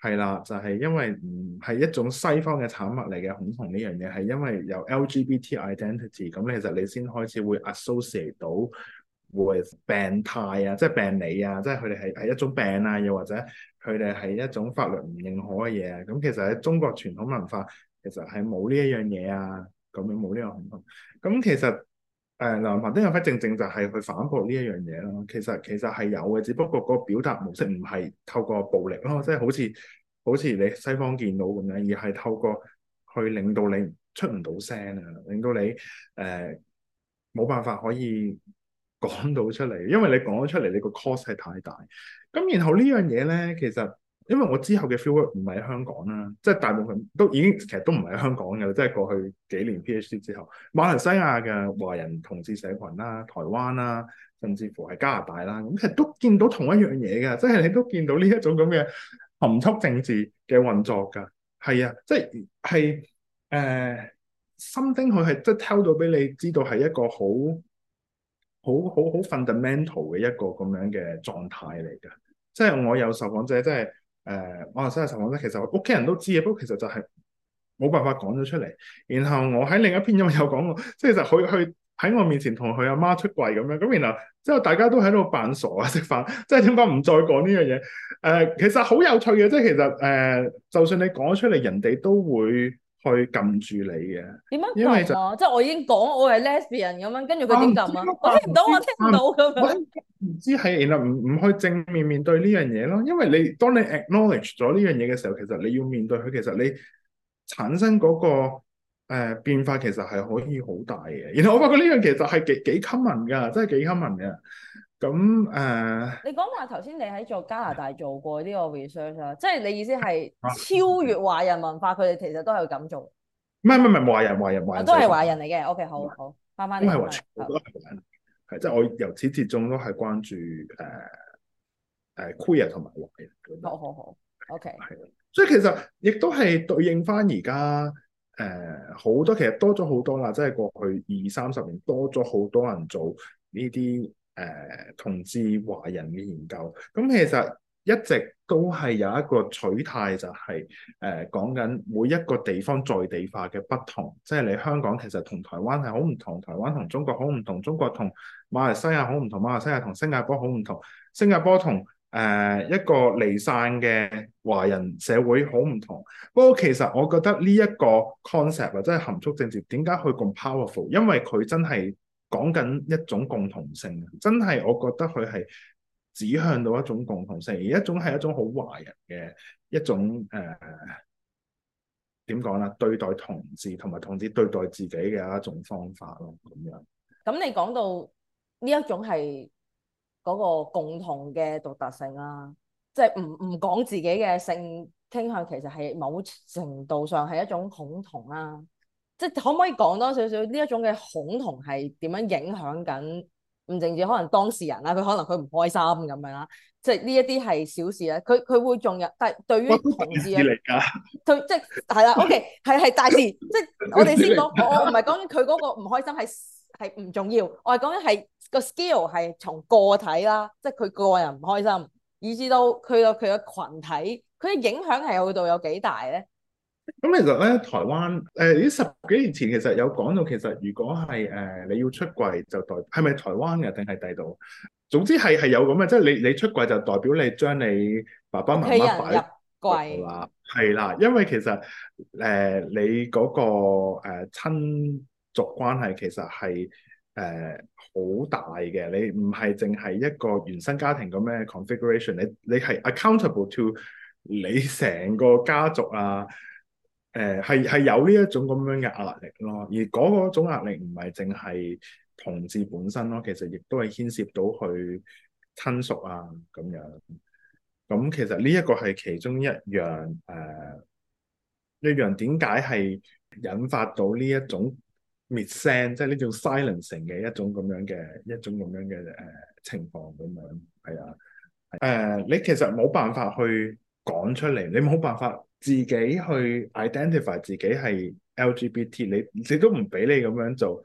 係啦，就係、是、因為唔係、嗯、一種西方嘅產物嚟嘅恐同呢樣嘢，係因為有 LGBT identity 咁，其實你先開始會 associate 到。會病態啊，即係病理啊，即係佢哋係係一種病啊，又或者佢哋係一種法律唔認可嘅嘢啊。咁其實喺中國傳統文化，其實係冇呢一樣嘢啊，咁樣冇呢個。咁其實誒，劉人鵬呢樣嘢正正就係去反駁呢一樣嘢咯。其實其實係有嘅，只不過個表達模式唔係透過暴力咯，即係好似好似你西方見到咁樣，而係透過去令到你出唔到聲啊，令到你誒冇、呃、辦法可以。講到出嚟，因為你講咗出嚟，你個 course 係太大。咁然後呢樣嘢咧，其實因為我之後嘅 fieldwork 唔喺香港啦，即係大部分都已經其實都唔係喺香港嘅，即係過去幾年 PhD 之後，馬來西亞嘅華人同志社群啦、啊、台灣啦、啊，甚至乎係加拿大啦、啊，咁其實都見到同一樣嘢嘅。即係你都見到呢一種咁嘅含蓄政治嘅運作噶。係啊，即係係誒 something 佢係即係 tell 到俾你知道係一個好。好好好 fundamental 嘅一個咁樣嘅狀態嚟㗎，即係我有受訪者，即係誒馬來西亞受訪者，其實我屋企人都知嘅，不過其實就係冇辦法講咗出嚟。然後我喺另一篇又有講過，即係就實佢佢喺我面前同佢阿媽出櫃咁樣，咁然後之後大家都喺度扮傻啊食飯，即係點解唔再講呢樣嘢？誒、呃，其實好有趣嘅，即係其實誒，就算你講咗出嚟，人哋都會。去撳住你嘅，點樣撳啊？因為就，即係我已經講我係 lesbian 咁樣，跟住佢點撳啊？我，我聽唔到，我聽唔到咁樣。唔知喺唔唔去正面面對呢樣嘢咯？因為你當你 acknowledge 咗呢樣嘢嘅時候，其實你要面對佢，其實你產生嗰、那個誒、呃、變化，其實係可以好大嘅。然後我發覺呢樣其實係幾幾 common 噶，真係幾 common 噶。咁誒，uh, 你講話頭先你喺做加拿大做過呢個 research 啊，即係你意思係超越華人文化，佢哋、啊、其實都係咁做。唔係唔係唔係華人，華人，華人，都係華人嚟嘅。O K，好，好，翻翻嚟。都係華人，係即係我由始至終都係關注誒誒 queer 同埋華人好。好好好，O K，係。所以其實亦都係對應翻而家誒好多，其實多咗好多啦，即係過去二三十年多咗好多,多,多人做呢啲。誒同志華人嘅研究，咁其實一直都係有一個取態，就係、是、誒、呃、講緊每一個地方在地化嘅不同，即係你香港其實同台灣係好唔同，台灣同中國好唔同，中國同馬來西亞好唔同，馬來西亞同新加坡好唔同，新加坡同誒、呃、一個離散嘅華人社會好唔同。不過其實我覺得呢一個 concept 或者係含蓄政治點解佢咁 powerful？因為佢真係。講緊一種共同性，真係我覺得佢係指向到一種共同性，而一種係一種好華人嘅一種誒，點講呢？對待同志同埋同志對待自己嘅一種方法咯，咁樣。咁你講到呢一種係嗰個共同嘅獨特性啦、啊，即係唔唔講自己嘅性傾向，其實係某程度上係一種恐同啦、啊。即係可唔可以講多少少呢一種嘅恐同係點樣影響緊唔淨止可能當事人啦、啊，佢可能佢唔開心咁樣啦、啊，即係呢一啲係小事咧、啊。佢佢會仲有，但係對於同志嚟噶，對即係係啦。OK，係係大事。事啊、即係我哋先講，我唔係講佢嗰個唔開心係係唔重要。我係講緊係個 scale 係從個體啦，即係佢個人唔開心，以至到佢個佢個群體，佢嘅影響係去到有幾大咧？咁其實咧，台灣誒啲、呃、十幾年前其實有講到，其實如果係誒、呃、你要出櫃就代表係咪台灣嘅定係第度？總之係係有咁嘅，即係你你出櫃就代表你將你爸爸媽媽擺入櫃啦，係啦，因為其實誒、呃、你嗰、那個誒、呃、親族關係其實係誒好大嘅，你唔係淨係一個原生家庭咁嘅 configuration，你你係 accountable to 你成個家族啊。誒，係係、呃、有呢一種咁樣嘅壓力咯，而嗰個種壓力唔係淨係同志本身咯，其實亦都係牽涉到去親屬啊咁樣。咁、嗯、其實呢一個係其中一樣誒，一樣點解係引發到呢一種滅聲，即係呢種 silencing 嘅一種咁樣嘅一種咁樣嘅誒情況咁樣係啊。誒、呃，你其實冇辦法去講出嚟，你冇辦法。自己去 identify 自己係 LGBT，你你都唔俾你咁樣做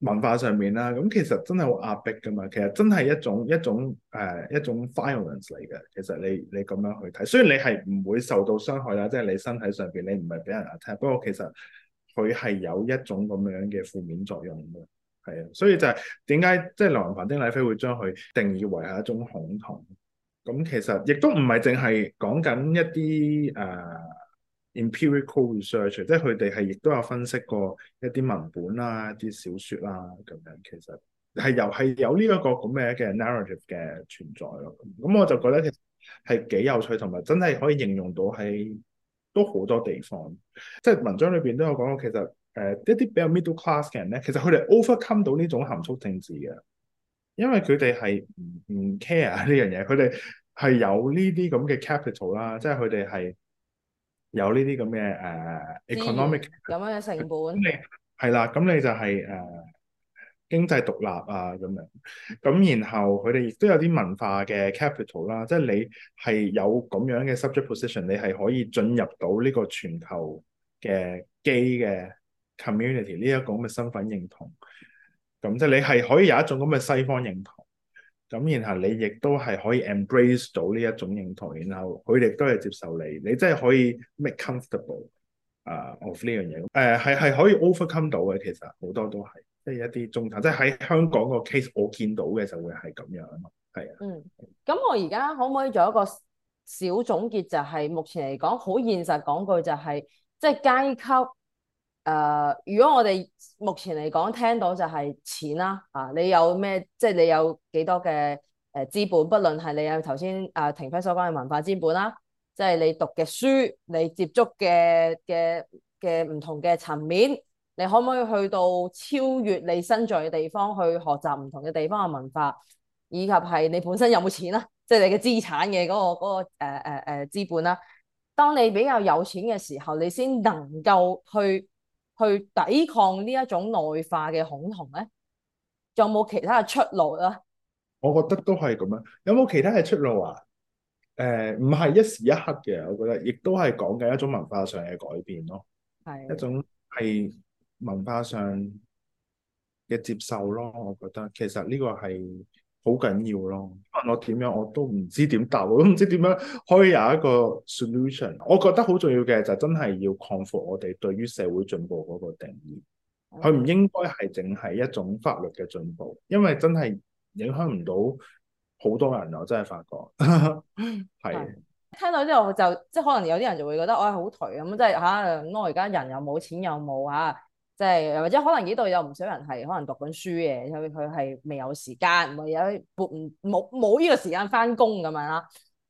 文化上面啦，咁其實真係好壓迫㗎嘛。其實真係一種一種誒、uh, 一種 violence 嚟嘅。其實你你咁樣去睇，雖然你係唔會受到傷害啦，即係你身體上邊你唔係俾人 attack，不過其實佢係有一種咁樣嘅負面作用嘅。係啊，所以就係點解即係劉人鵬、丁乃非會將佢定義為係一種恐同？咁其實亦都唔係淨係講緊一啲誒、uh, empirical research，即係佢哋係亦都有分析過一啲文本啦、啊、一啲小説啦咁樣。其實係又係有呢一個咁嘅嘅 narrative 嘅存在咯。咁我就覺得其實係幾有趣，同埋真係可以應用到喺都好多地方。即係文章裏邊都有講過，其實誒一啲比較 middle class 嘅人咧，其實佢哋 overcome 到呢種含蓄政治嘅。因為佢哋係唔 care 呢樣嘢，佢哋係有呢啲咁嘅 capital 啦，即係佢哋係有呢啲咁嘅誒 economic 咁樣嘅成本。係啦，咁你就係、係、誒、uh, 經濟獨立啊咁樣。咁然後佢哋亦都有啲文化嘅 capital 啦，即係你係有咁樣嘅 subject position，你係可以進入到呢個全球嘅基嘅 community 呢一個咁嘅身份認同。咁即係你係可以有一種咁嘅西方認同，咁然後你亦都係可以 embrace 到呢一種認同，然後佢哋都係接受你，你真係可以 make comfortable 啊、uh, of 呢樣嘢，誒係係可以 overcome 到嘅，其實好多都係、就是，即係一啲中產，即係喺香港個 case 我見到嘅就是會係咁樣啊嘛，係啊。嗯，咁我而家可唔可以做一個小總結，就係、是、目前嚟講好現實講句就係、是，即係階級。誒、呃，如果我哋目前嚟講聽到就係錢啦、啊，啊，你有咩？即、就、係、是、你有幾多嘅誒資本？不論係你有頭先啊 Ting-Fai 所講嘅文化資本啦、啊，即、就、係、是、你讀嘅書，你接觸嘅嘅嘅唔同嘅層面，你可唔可以去到超越你身在嘅地方去學習唔同嘅地方嘅文化，以及係你本身有冇錢啦、啊？即、就、係、是、你嘅資產嘅嗰、那個嗰、那個誒誒、呃呃、資本啦、啊。當你比較有錢嘅時候，你先能夠去。去抵抗呢一種內化嘅恐同咧，有冇其他嘅出路啊？我覺得都係咁樣啊，有冇其他嘅出路啊？誒，唔係一時一刻嘅，我覺得亦都係講緊一種文化上嘅改變咯，是一種係文化上嘅接受咯，我覺得其實呢個係好緊要咯！問我點樣，我都唔知點答，我都唔知點樣可以有一個 solution。我覺得好重要嘅就真係要擴闊我哋對於社會進步嗰個定義，佢唔應該係淨係一種法律嘅進步，因為真係影響唔到好多人。我真係發覺係 [LAUGHS] 是聽到之後就即係可能有啲人就會覺得我係好頹咁，即係嚇我而家人又冇錢又冇嚇。啊。即係又或者可能呢度有唔少人係可能讀緊書嘅，佢佢係未有時間，或者撥唔冇冇呢個時間返工咁樣啦。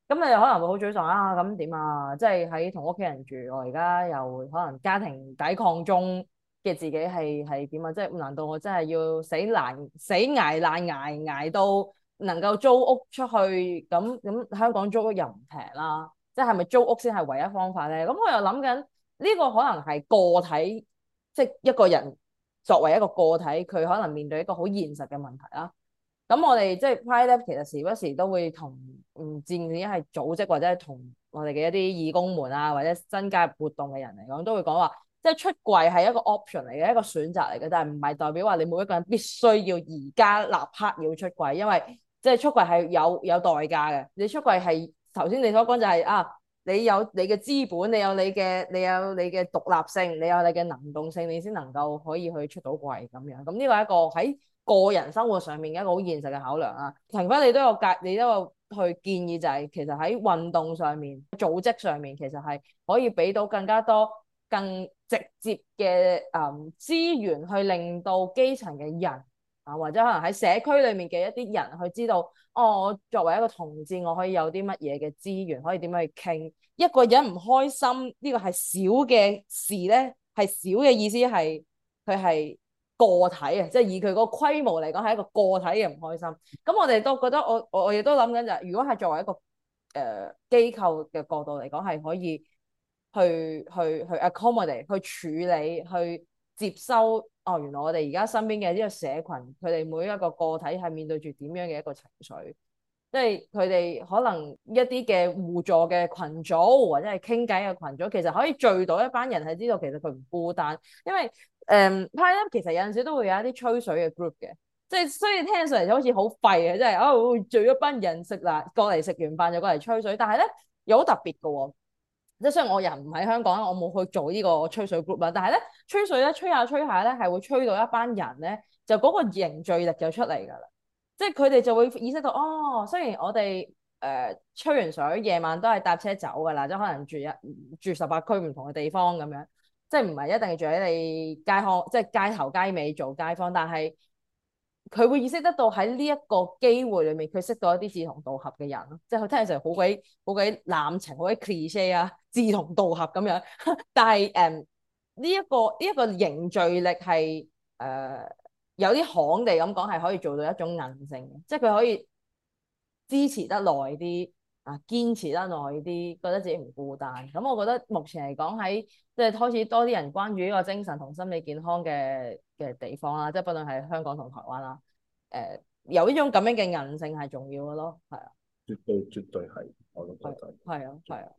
咁你可能會好沮喪啊！咁點啊？即係喺同屋企人住，我而家又可能家庭抵抗中嘅自己係係點啊？即係難道我真係要死難死捱難捱，捱捱到能夠租屋出去？咁咁 [MUSIC] 香港租屋又唔平啦，即係咪租屋先係唯一方法咧？咁我又諗緊呢個可能係個體。即係一個人作為一個個體，佢可能面對一個好現實嘅問題啦。咁我哋即係 PrideLab 其實時不時都會同唔知唔知係組織或者係同我哋嘅一啲義工們啊，或者增加活動嘅人嚟講，都會講話，即係出櫃係一個 option 嚟嘅，一個選擇嚟嘅，但係唔係代表話你每一個人必須要而家立刻要出櫃，因為即係出櫃係有有代價嘅。你出櫃係頭先你所講就係啊。你有你嘅資本，你有你嘅你有你嘅獨立性，你有你嘅能動性，你先能夠可以去出到櫃咁樣。咁呢個係一個喺個人生活上面嘅一個好現實嘅考量啊。Ting-Fai，你都有介，你都有去建議就係、是、其實喺運動上面、組織上面，其實係可以俾到更加多、更直接嘅誒資源去令到基層嘅人，啊，或者可能喺社區裏面嘅一啲人去知道，哦，我作為一個同志，我可以有啲乜嘢嘅資源，可以點樣去傾。一個人唔開心，呢、呢個係小嘅事呢，係小嘅意思，係佢係個體啊，即係以佢個規模嚟講係一個個體嘅唔開心。咁我哋都覺得，我我亦都諗緊就係，如果係作為一個誒、呃、機構嘅角度嚟講，係可以去去去、去 accommodate 去處理去。接收，哦，原來我哋而家身邊嘅呢個社群，佢哋每一個個體係面對住點樣嘅一個情緒，即係佢哋可能一啲嘅互助嘅群組，或者係傾偈嘅群組，其實可以聚到一班人係知道其實佢唔孤單，因為誒、嗯，派咧其實有陣時都會有一啲吹水嘅 group 嘅，即係雖然聽上嚟就好似好廢嘅，真係哦，聚一班人食飯，過嚟食完飯就過嚟吹水，但係咧有好特別嘅喎。即雖然我人唔喺香港，我冇去做呢個吹水 group 啦，但係咧吹水咧，吹下吹下咧係會吹到一班人咧，就嗰個凝聚力就出嚟㗎啦。即係佢哋就會意識到哦，雖然我哋誒、呃、吹完水夜晚都係搭車走㗎啦，即可能住一住十八區唔同嘅地方咁樣，即係唔係一定住喺你街巷，即係街頭街尾做街坊，但係。佢會意識得到喺呢一個機會裏面，佢識到一啲志同道合嘅人，即係佢聽起上嚟好鬼好鬼濫情，好鬼 cliche 啊，志同道合咁樣。但係誒呢一個呢一、這個凝聚力係誒、呃、有啲行地咁講係可以做到一種韌性，即係佢可以支持得耐啲啊，堅持得耐啲，覺得自己唔孤單。咁、嗯、我覺得目前嚟講喺即係開始多啲人關注呢個精神同心理健康嘅嘅地方啦，即係不論係香港同台灣啦，誒、呃、有呢種咁樣嘅韌性係重要嘅咯，係啊絕，絕對絕對係，我都覺得係啊，係啊，係、啊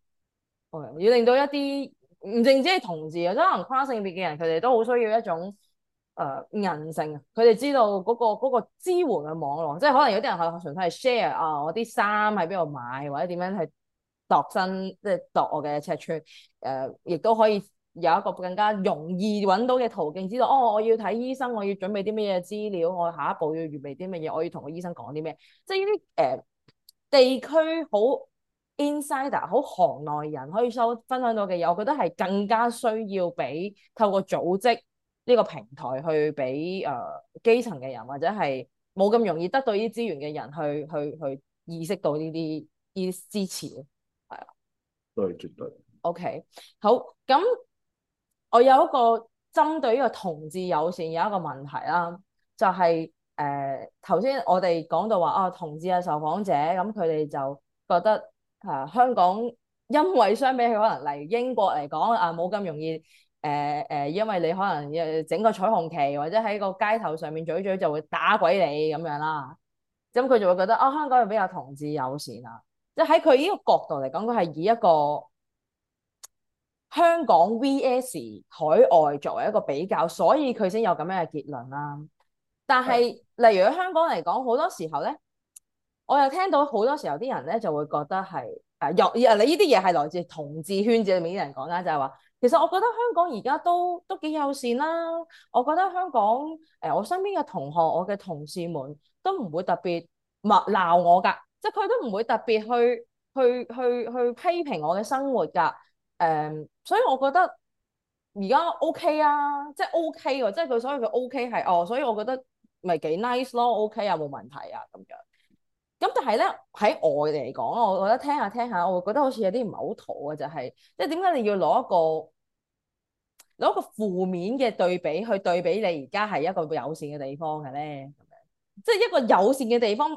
啊 okay。要令到一啲唔淨止係同志啊，即可能跨性別嘅人，佢哋都好需要一種誒韌、呃、性，佢哋知道嗰、嗰個嗰個支援嘅網絡，即係可能有啲人係純粹係 share 啊，我啲衫喺邊度買，或者點樣去度身，即係度我嘅尺寸，誒、呃，亦都可以。有一個更加容易揾到嘅途徑，知道哦，我要睇醫生，我要準備啲咩嘢資料，我下一步要預備啲乜嘢，我要同個醫生講啲咩？即係呢啲誒，地區好 insider 好行內人可以收分享到嘅嘢，我覺得係更加需要俾透過組織呢個平台去俾誒、呃、基層嘅人或者係冇咁容易得到啲資源嘅人去去去意識到呢啲呢啲支持咯，係啊，對，絕對。OK，好咁。我有一個針對呢個同志友善有一個問題啦，就係誒頭先我哋講到話啊，同志嘅受訪者咁佢哋就覺得啊、呃、香港，因為相比起可能嚟英國嚟講啊，冇咁容易誒誒、呃呃，因為你可能要整個彩虹旗或者喺個街頭上面嘴嘴就會打鬼你咁樣啦，咁佢就會覺得啊香港係比較同志友善啊，即係喺佢呢個角度嚟講，佢係以一個。香港 V.S. 海外作為一個比較，所以佢先有咁樣嘅結論啦。但係、嗯、例如喺香港嚟講，好多時候咧，我又聽到好多時候啲人咧就會覺得係誒，又、呃、啊，你呢啲嘢係來自同志圈子裏面啲人講啦，就係、是、話，其實我覺得香港而家都都幾友善啦。我覺得香港誒、呃，我身邊嘅同學、我嘅同事們都唔會特別罵鬧我噶，即係佢都唔會特別去去去去、去批評我嘅生活噶。誒、嗯，所以我覺得而家 OK 啊，即係 OK 喎、啊，即係佢所以佢 OK 係哦，所以我覺得咪幾 nice 咯，OK 啊，冇問題啊咁樣。咁但係咧喺我嚟講，我覺得聽下聽下，我覺得好似有啲唔係好妥嘅就係、是，即係點解你要攞一個攞一個負面嘅對比去對比你而家係一個友善嘅地方嘅咧？ [LAUGHS] 即係一個友善嘅地方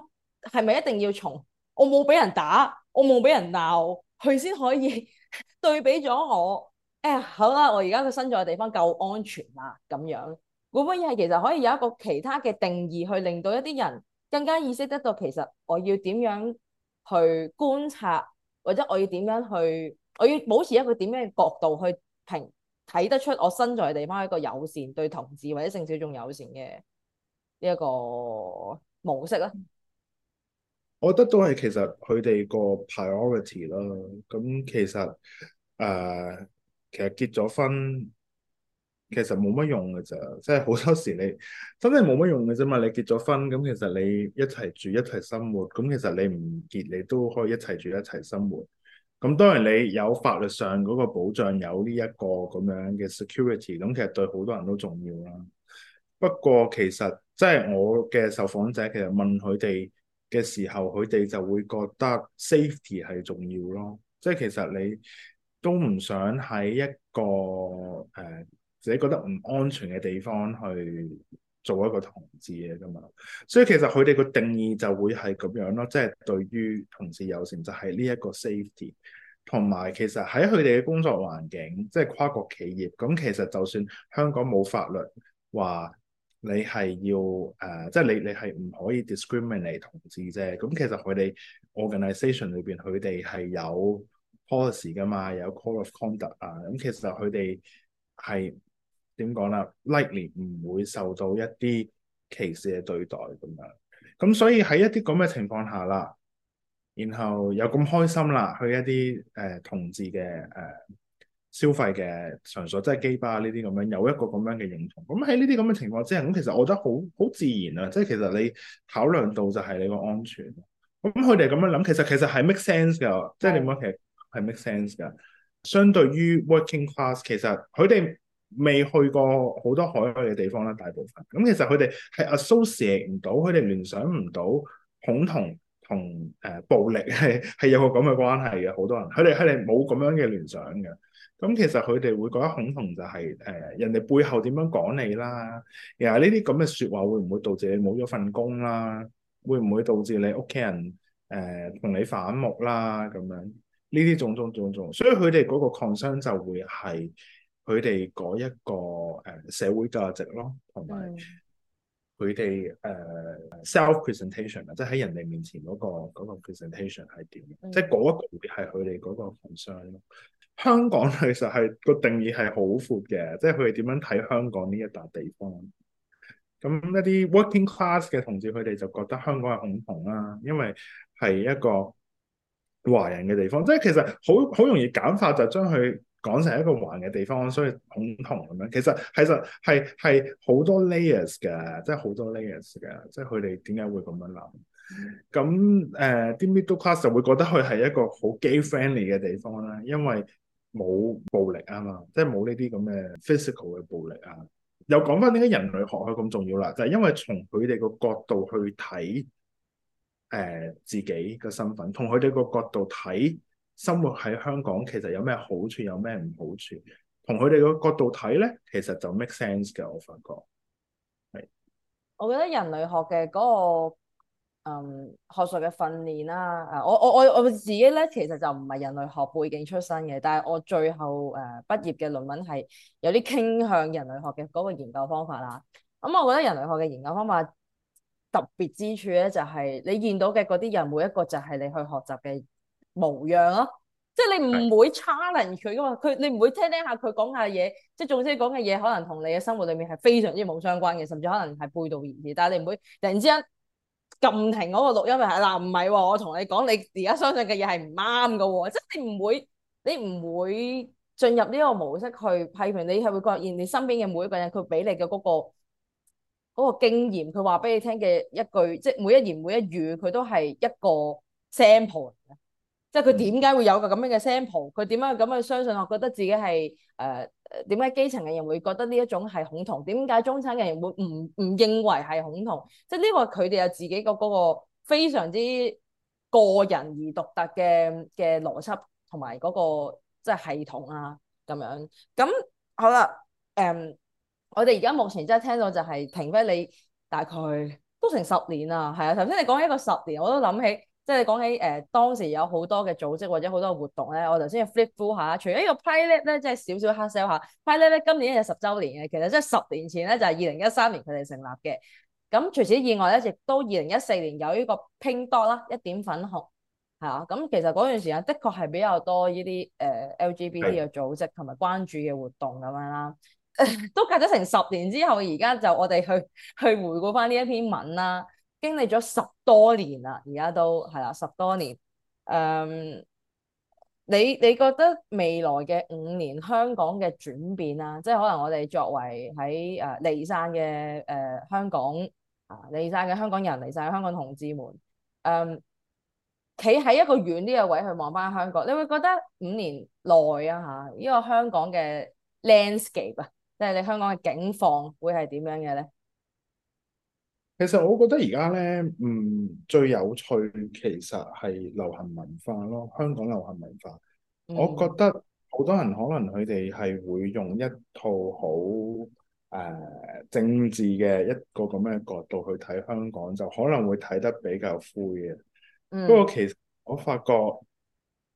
係咪一定要從我冇俾人打，我冇俾人鬧，佢先可以？ [LAUGHS] [LAUGHS] 對比咗我，誒，好啦，我而家個身在嘅地方夠安全啦，咁樣，會唔會係其實可以有一個其他嘅定義，去令到一啲人更加意識得到，其實我要點樣去觀察，或者我要點樣去，我要保持一個點樣嘅角度去評，睇得出我身在嘅地方係一個友善對同志或者性小眾友善嘅呢一個模式啊？我覺得都係其實佢哋個 priority 咯，咁其實誒、呃、其實結咗婚其實冇乜用嘅咋。即係好多時你真係冇乜用嘅啫嘛。你結咗婚咁其實你一齊住一齊生活，咁其實你唔結你都可以一齊住一齊生活。咁當然你有法律上嗰個保障，有呢一個咁樣嘅 security，咁其實對好多人都重要啦。不過其實即係我嘅受訪者其實問佢哋嘅時候，佢哋就會覺得 safety 係重要咯。即係其實你都唔想喺一個誒、呃、自己覺得唔安全嘅地方去做一個同志嘅嘛。所以其實佢哋個定義就會係咁樣咯。即係對於同志友善，就係呢一個 safety。同埋其實喺佢哋嘅工作環境，即係跨國企業，咁其實就算香港冇法律話，你係要誒，即、呃、係、就是、你你係唔可以 discriminate 同志啫。咁其實佢哋 organization 裏邊，佢哋係有 policy 噶嘛，有 code of conduct 啊。咁其實佢哋係點講啦？likely 唔會受到一啲歧視嘅對待咁樣。咁所以喺一啲咁嘅情況下啦，然後有咁開心啦，去一啲誒、呃、同志嘅誒。呃消費嘅場所，即係基吧呢啲咁樣，有一個咁樣嘅認同。咁喺呢啲咁嘅情況之下，咁其實我覺得好好自然啊！即係其實你考量到就係你個安全。咁佢哋咁樣諗，其實其實係 make sense 嘅，即係點講？其實係 make sense 㗎、嗯。相對於 working class，其實佢哋未去過好多海外嘅地方啦，大部分。咁其實佢哋係 associate 唔到，佢哋聯想唔到恐同同誒暴力係係有個咁嘅關係嘅。好多人，佢哋佢哋冇咁樣嘅聯想嘅。咁其實佢哋會覺得恐同就係、是、誒、呃、人哋背後點樣講你啦，然後呢啲咁嘅説話會唔會導致你冇咗份工啦？會唔會導致你屋企人誒同、呃、你反目啦？咁樣呢啲種種種種，所以佢哋嗰個 concern 就會係佢哋嗰一個誒社會價值咯，同埋佢哋誒 self presentation 啊，即係喺人哋面前嗰、那個那個 presentation 係點？即係嗰一個係佢哋嗰個 concern 咯。香港其實係個定義係好闊嘅，即係佢哋點樣睇香港呢一笪地方。咁一啲 working class 嘅同志，佢哋就覺得香港係恐同啦、啊，因為係一個華人嘅地方。即係其實好好容易簡化，就將佢講成一個華人嘅地方，所以恐同咁樣。其實其實係係好多 layers 嘅，即係好多 layers 嘅，即係佢哋點解會咁樣諗？咁誒啲、呃、middle class 就會覺得佢係一個好 gay friendly 嘅地方啦，因為冇暴力啊嘛，即係冇呢啲咁嘅 physical 嘅暴力啊。又講翻點解人類學係咁重要啦，就係、是、因為從佢哋個角度去睇，誒、呃、自己嘅身份，同佢哋個角度睇生活喺香港其實有咩好處，有咩唔好處，同佢哋個角度睇咧，其實就 make sense 嘅。我發覺係，我覺得人類學嘅嗰、那個。嗯，um, 學術嘅訓練啦，誒，我我我我自己咧，其實就唔係人類學背景出身嘅，但係我最後誒畢、呃、業嘅論文係有啲傾向人類學嘅嗰個研究方法啦。咁、嗯、我覺得人類學嘅研究方法特別之處咧，就係、是、你見到嘅嗰啲人，每一個就係你去學習嘅模樣咯、啊，即、就、係、是、你唔會 challenge 佢噶嘛，佢的你唔會聽聽下佢講下嘢，即係總之講嘅嘢可能同你嘅生活裏面係非常之冇相關嘅，甚至可能係背道而馳，但係你唔會突然之間撳停嗰個錄音咪係嗱，唔係喎，我同你講，你而家相信嘅嘢係唔啱嘅喎，即係你唔會，你唔會進入呢個模式去批評，你係會覺現你身邊嘅每一個人，那個，佢俾你嘅嗰個嗰個經驗，佢話俾你聽嘅一句，即係每一言每一語，佢都係一個 sample 嚟嘅。即係佢點解會有個咁樣嘅 sample？佢點解咁去相信？我覺得自己係誒，點解基層嘅人會覺得呢一種係恐同？點解中產嘅人會唔唔認為係恐同？即係呢個，佢哋有自己個嗰個非常之個人而獨特嘅嘅邏輯同埋嗰個即係系統啊咁樣。咁好啦，誒、嗯，我哋而家目前即係聽到就係停飛，你大概都成十年啦。係啊，頭先你講起一個十年，我都諗起。即係講起誒、呃，當時有好多嘅組織或者好多活動咧。我頭先嘅 Flip Flop 嚇，除咗呢個、就是、PrideLab 咧，即係少少 hard sell 嚇。PrideLab 咧今年係十週年嘅，其實即係十年前咧就係二零一三年佢哋成立嘅。咁除此以外咧，亦都二零一四年有呢個 Pink Dot 啦，一點粉紅係啊。咁其實嗰段時間的確係比較多呢啲誒 LGBT 嘅組織同埋關注嘅活動咁樣啦。的 [LAUGHS] 都隔咗成十年之後，而家就我哋去去回顧翻呢一篇文啦。經歷咗十多年啦，而家都係啦，十多年。誒，um，你你覺得未來嘅五年香港嘅轉變啦，即係可能我哋作為喺誒離散嘅誒香港啊，離散嘅香港人、離散嘅香港同志們，誒，企喺一個遠啲嘅位去望翻香港，你會覺得五年內啊嚇，呢個香港嘅 landscape 啊，即係你香港嘅境況會係點樣嘅咧？其實我覺得而家咧，嗯，最有趣其實係流行文化咯，香港流行文化。嗯、我覺得好多人可能佢哋係會用一套好誒、呃、政治嘅一個咁樣嘅角度去睇香港，就可能會睇得比較灰嘅。嗯、不過其實我發覺，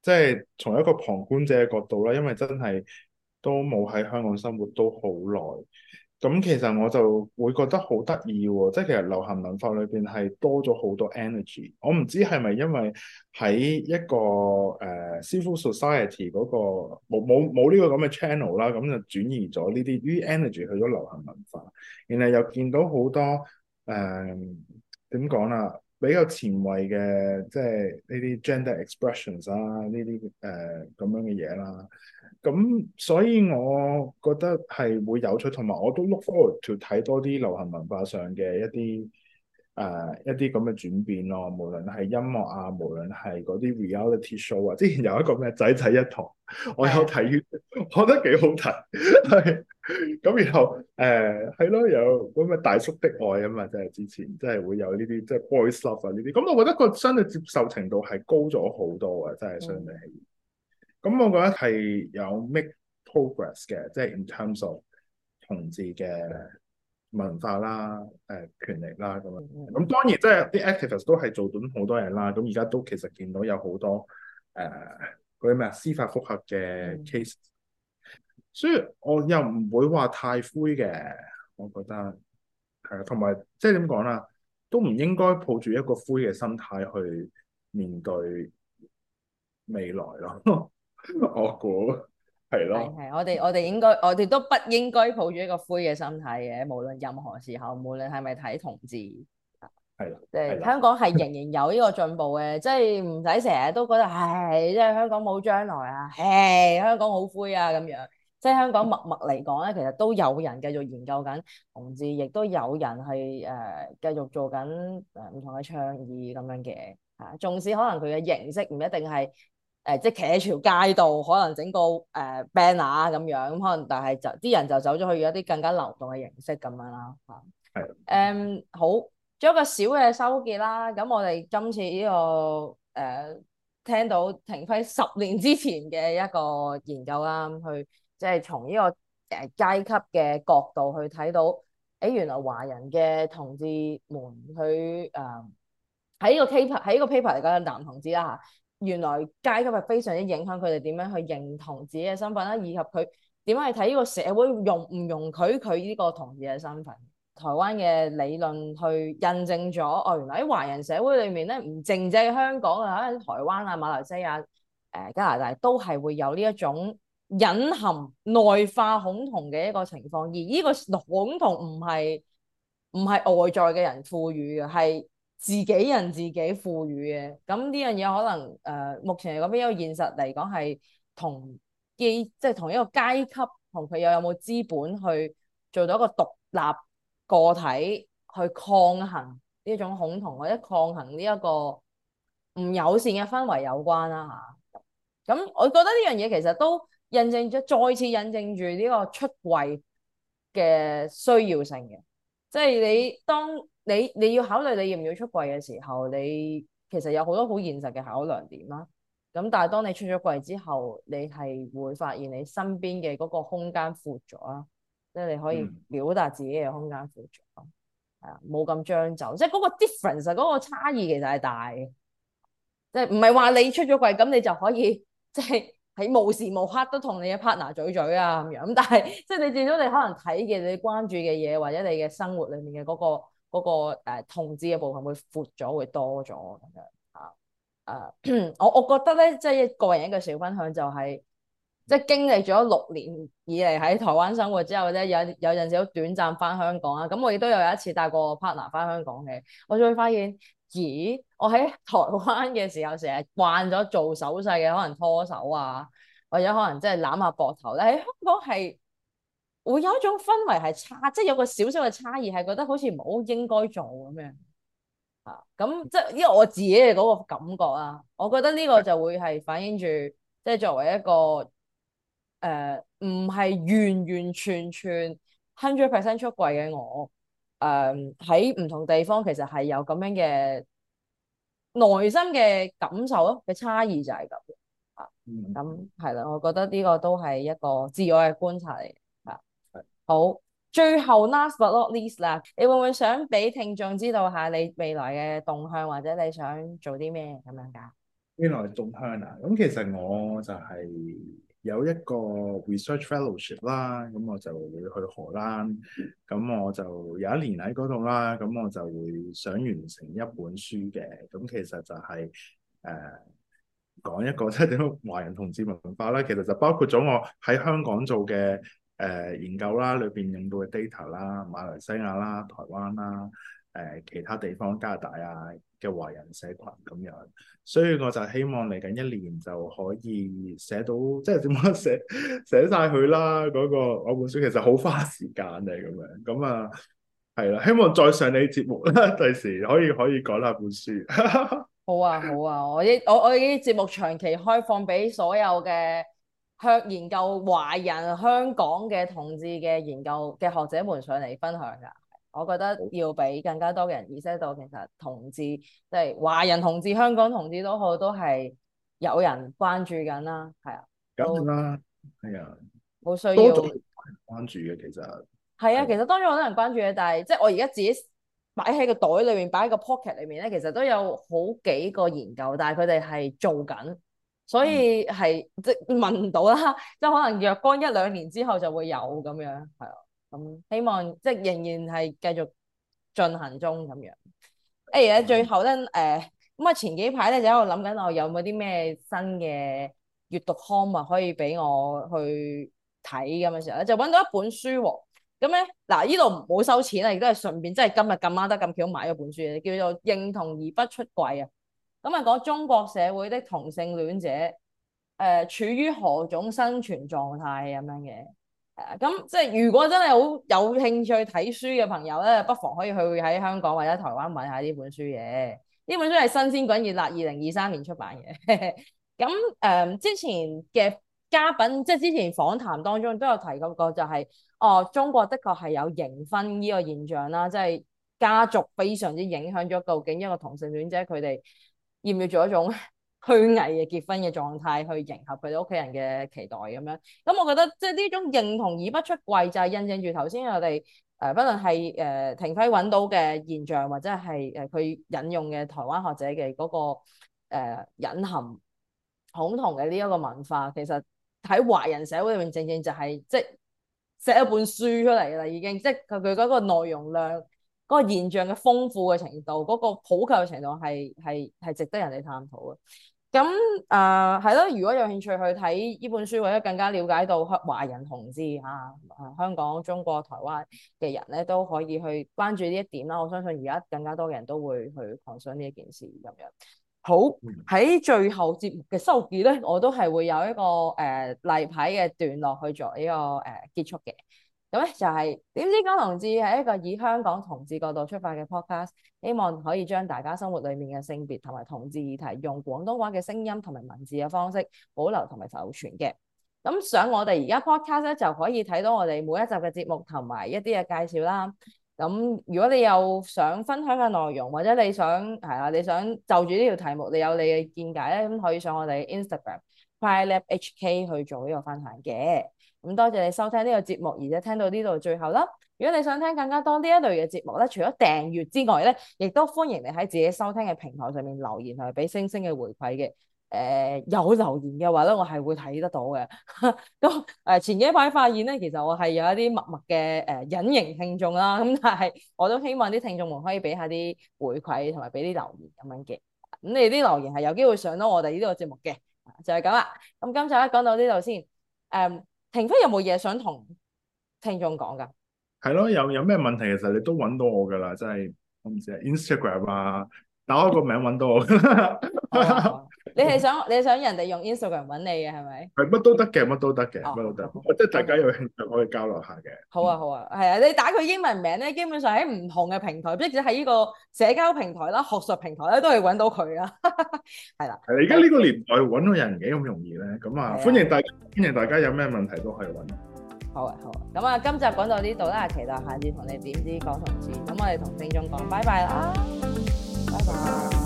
即係從一個旁觀者嘅角度啦，因為真係都冇喺香港生活都好耐。咁、嗯、其實我就會覺得好得意喎，即係其實流行文化裏邊係多咗好多 energy。我唔知係咪因為喺一個誒 civil society 嗰、嗰個冇冇冇呢個咁嘅 channel 啦，咁就轉移咗呢啲 energy 去咗流行文化，然後又見到好多誒點講啦。Uh, 比較前衛嘅，即係呢啲 gender expressions 啦、啊，呢啲誒咁樣嘅嘢啦。咁所以我覺得係會有趣，同埋我都 look forward to 睇多啲流行文化上嘅一啲誒、呃、一啲咁嘅轉變咯、啊。無論係音樂啊，無論係嗰啲 reality show 啊，之前有一個咩仔仔一堂，我有睇我覺得幾好睇。係。咁 [LAUGHS] 然後誒係咯，有咁嘅大叔的愛啊嘛，即係之前，即係會有呢啲，即係 boys love 啊呢啲。咁我覺得個相對接受程度係高咗好多啊，即係相對係。咁，嗯嗯、我覺得係有 make progress 嘅，即係 in terms of 同志嘅文化啦，誒、呃，權利啦咁樣。咁當然即係啲 activist 都係做咗好多嘢啦。咁而家都其實見到有好多誒嗰啲咩司法複核嘅 case、嗯。所以我又唔會話太灰嘅，我覺得係啊，同埋即係點講啦，都唔應該抱住一個灰嘅心態去面對未來咯。我估係咯，係我哋我哋應該，我哋都不應該抱住一個灰嘅心態嘅，無論任何時候，無論係咪睇同志係啦，即係香港係仍然有呢個進步嘅，即係唔使成日都覺得唉，即係香港冇將來唉啊，係香港好灰啊咁樣。即香港默默嚟講咧，其實都有人繼續研究緊，同志亦都有人係誒繼續做緊誒唔同嘅倡議咁樣嘅嚇。縱、啊、使可能佢嘅形式唔一定係誒、呃，即係企喺條街度，可能整個誒 banner 咁樣可能，但係就啲人就走咗去有一啲更加流動嘅形式咁樣啦嚇。係、啊、誒的、嗯、好，做一個小嘅收結啦。咁我哋今次呢、這個誒、呃、聽到 Ting-Fai 十年之前嘅一個研究啦，去。即係從呢個階級嘅角度去睇到，誒、欸、原來華人嘅同志們，佢誒喺呢個 paper 喺呢個 paper 嚟講嘅男同志啦嚇，原來階級係非常之影響佢哋點樣去認同自己嘅身份啦，以及佢點樣去睇呢個社會容唔容許佢呢個同志嘅身份。台灣嘅理論去印證咗，哦，原來喺華人社會裏面咧，唔淨止香港啊，喺台灣啊、馬來西亞、誒、呃、加拿大都係會有呢一種。隱含內化恐同嘅一個情況，而呢個恐同唔係唔係外在嘅人賦予嘅，係自己人自己賦予嘅。咁呢樣嘢可能誒、呃，目前嗰邊一個現實嚟講係同基，即係同一個階級同佢又有冇資本去做到一個獨立個體去抗衡呢種恐同，或者抗衡呢一個唔友善嘅氛圍有關啦、啊、吓。咁我覺得呢樣嘢其實都。印證咗，再次印證住呢個出櫃嘅需要性嘅，即係你當你你要考慮你要唔要出櫃嘅時候，你其實有好多好現實嘅考量點啦。咁但係當你出咗櫃之後，你係會發現你身邊嘅嗰個空間闊咗啦，即係你可以表達自己嘅空間闊咗，係、嗯、啊，冇咁將就，即係嗰個 difference 個差異、嗰個、其實係大嘅，即係唔係話你出咗櫃咁你就可以即係。喺無時無刻都同你嘅 partner 嘴嘴啊咁樣，咁但係即係你見到，你可能睇嘅你關注嘅嘢，或者你嘅生活裡面嘅嗰、嗰個嗰、嗰個誒同志嘅、呃、部分會闊咗，會多咗咁樣啊誒，我、uh, [COUGHS] 我覺得咧，即係個人一個小分享就係、是，即係經歷咗六年以嚟喺台灣生活之後咧，有有陣時都短暫翻香港啊，咁我亦都有一次帶過我個 partner 翻香港嘅，我就會發現。咦！我喺台灣嘅時候成日慣咗做手勢嘅，可能拖手啊，或者可能即係攬下膊頭。但喺香港係會有一種氛圍係差，即係有個少少嘅差異，係覺得好似唔好應該做咁樣。啊，咁即係因為我自己嘅嗰個感覺啊，我覺得呢個就會係反映住，即係作為一個誒，唔係完完全全 hundred percent 出櫃嘅我。誒，喺唔、uh，同地方其實係有咁樣嘅內心嘅感受咯，嘅差異就係咁啊。咁係啦，我覺得呢個都係一個自我嘅觀察嚟啊。Mm hmm. 好，最後 last but not least 啦，你會唔會想俾聽眾知道下你未來嘅動向，或者你想做啲咩咁樣噶未來動向啊，咁其實我就係、是。有一個 research fellowship 啦，咁我就會去荷蘭，咁我就有一年喺嗰度啦，咁我就會想完成一本書嘅，咁其實就係、是、誒、呃、講一個即係點樣華人同志文化啦，其實就包括咗我喺香港做嘅誒、呃、研究啦，裏邊用到嘅 data 啦，馬來西亞啦、台灣啦、誒、呃、其他地方加拿大啊嘅華人社群咁樣，所以我就希望嚟緊一年就可以寫到，即係點樣寫寫晒佢啦。嗰、嗰個我本書其實好花時間嚟咁樣，咁啊係啦，希望再上你節目啦，第時可以可以講下本書。 [LAUGHS] 好啊好啊，我依我我依啲節目長期開放俾所有嘅香研究華人香港嘅同志嘅研究嘅學者們上嚟分享噶。我覺得要俾更加多嘅人意識到，其實同志即係、即係、華人同志、香港同志都好，都係有人關注緊啦，係啊，肯定啦，係啊都，冇、哎、呀需要。多人關注嘅其實係啊，啊，其實當然好多人關注嘅，但係即係我而家自己擺喺個袋裏面，擺喺個 pocket 裏面咧，其實都有好幾個研究，但係佢哋係做緊，所以係、嗯、即係問到啦，即係可能若干一兩年之後就會有咁樣，係啊。希望即係仍然係繼續進行中咁樣。誒、欸，而家最後咧，誒，咁啊，前幾排咧就喺度諗緊，我有冇啲咩新嘅閱讀刊物可以俾我去睇咁嘅時候咧，就搵到一本書喎。咁咧，嗱，呢度唔好收錢啊，亦都係順便，即係今日咁啱得咁巧買咗本書叫做《認同而不出櫃》啊。咁啊，講中國社會的同性戀者誒、呃，處於何種生存狀態咁樣嘅。咁即係如果真係好有興趣睇書嘅朋友咧，不妨可以去喺香港或者台灣揾下呢本書嘅。呢本書係新鮮滾熱辣，二零二三年出版嘅。咁 [LAUGHS] 誒、呃，之前嘅嘉賓即係之前訪談當中都有提過，嗰個就係、是，哦，中國的確係有形婚呢個現象啦，即係家族非常之影響咗究竟一個同性戀者佢哋要唔要做一種？虛偽嘅結婚嘅狀態去迎合佢哋屋企人嘅期待咁樣，咁我覺得即係呢種認同而不出櫃就係、係、印證住頭先我哋誒、呃，不論係誒、呃、Ting-Fai 揾到嘅現象，或者係誒佢引用嘅台灣學者嘅嗰、嗰個誒、呃、隱含恐同嘅呢一個文化，其實喺華人社會入面正正就係即係寫一本書出嚟啦，已經即係佢佢嗰個內容量、嗰、嗰個現象嘅豐富嘅程度、嗰、嗰個普及嘅程度係係係值得人哋探討嘅。咁誒係咯，如果有興趣去睇呢本書，或者更加了解到華人同志嚇、啊啊，香港、中國、台灣嘅人咧，都可以去關注呢一點啦。我相信而家更加多嘅人都會去狂想呢一件事咁樣。好，喺最後節目嘅收結咧，我都係會有一個誒例牌嘅段落去做呢、呢個誒、呃、結束嘅。咁咧就係、是、點知江同志係一個以香港同志角度出發嘅 podcast，希望可以將大家生活裡面嘅性別同埋同志議題，用廣東話嘅聲音同埋文字嘅方式保留同埋留存嘅。咁上我哋而家 podcast 咧就可以睇到我哋每一集嘅節目同埋一啲嘅介紹啦。咁如果你有想分享嘅內容，或者你想係啦、啊，你想就住呢條題目你有你嘅見解咧，咁可以上我哋 Instagram PrideLab HK 去做呢個分享嘅。咁多謝你收聽呢個節目，而且聽到呢度最後啦。如果你想聽更加多呢一類嘅節目咧，除咗訂閱之外咧，亦都歡迎你喺自己收聽嘅平台上面留言，同埋俾星星嘅回饋嘅。誒、呃、有留言嘅話咧，我係會睇得到嘅。咁 [LAUGHS] 誒、呃、前幾排發現咧，其實我係有一啲默默嘅誒、呃、隱形聽眾啦。咁但係我都希望啲聽眾們可以俾下啲回饋同埋俾啲留言咁樣嘅。咁、啊、你啲留言係有機會上到我哋呢個節目嘅、啊，就係、是、咁啦。咁今集講到呢度先，誒、嗯。霆飛有冇嘢想同聽眾講㗎？係咯，有有咩問題，其實你都揾到我㗎啦，即係我唔知啊，Instagram 啊，打我個名揾到我。 [LAUGHS] Oh. 你係想你想人哋用 Instagram 揾你嘅係咪？係乜都得嘅，乜都得嘅，乜、哦、都得。即係、哦、大家有興趣可以交流下嘅、啊。好啊好啊，係啊，你打佢英文名咧，基本上喺唔同嘅平台，即係喺呢個社交平台啦、學術平台咧，都可以揾到佢 [LAUGHS] 啊。係啦。係而家呢個年代揾到人幾咁容易咧，咁啊、嗯、歡迎大、啊、歡迎大家有咩問題都可以揾、啊。好啊好啊，咁啊今集講到呢度啦，期待下次同你點啲講同志。咁我哋同聽眾講拜拜啦，拜拜。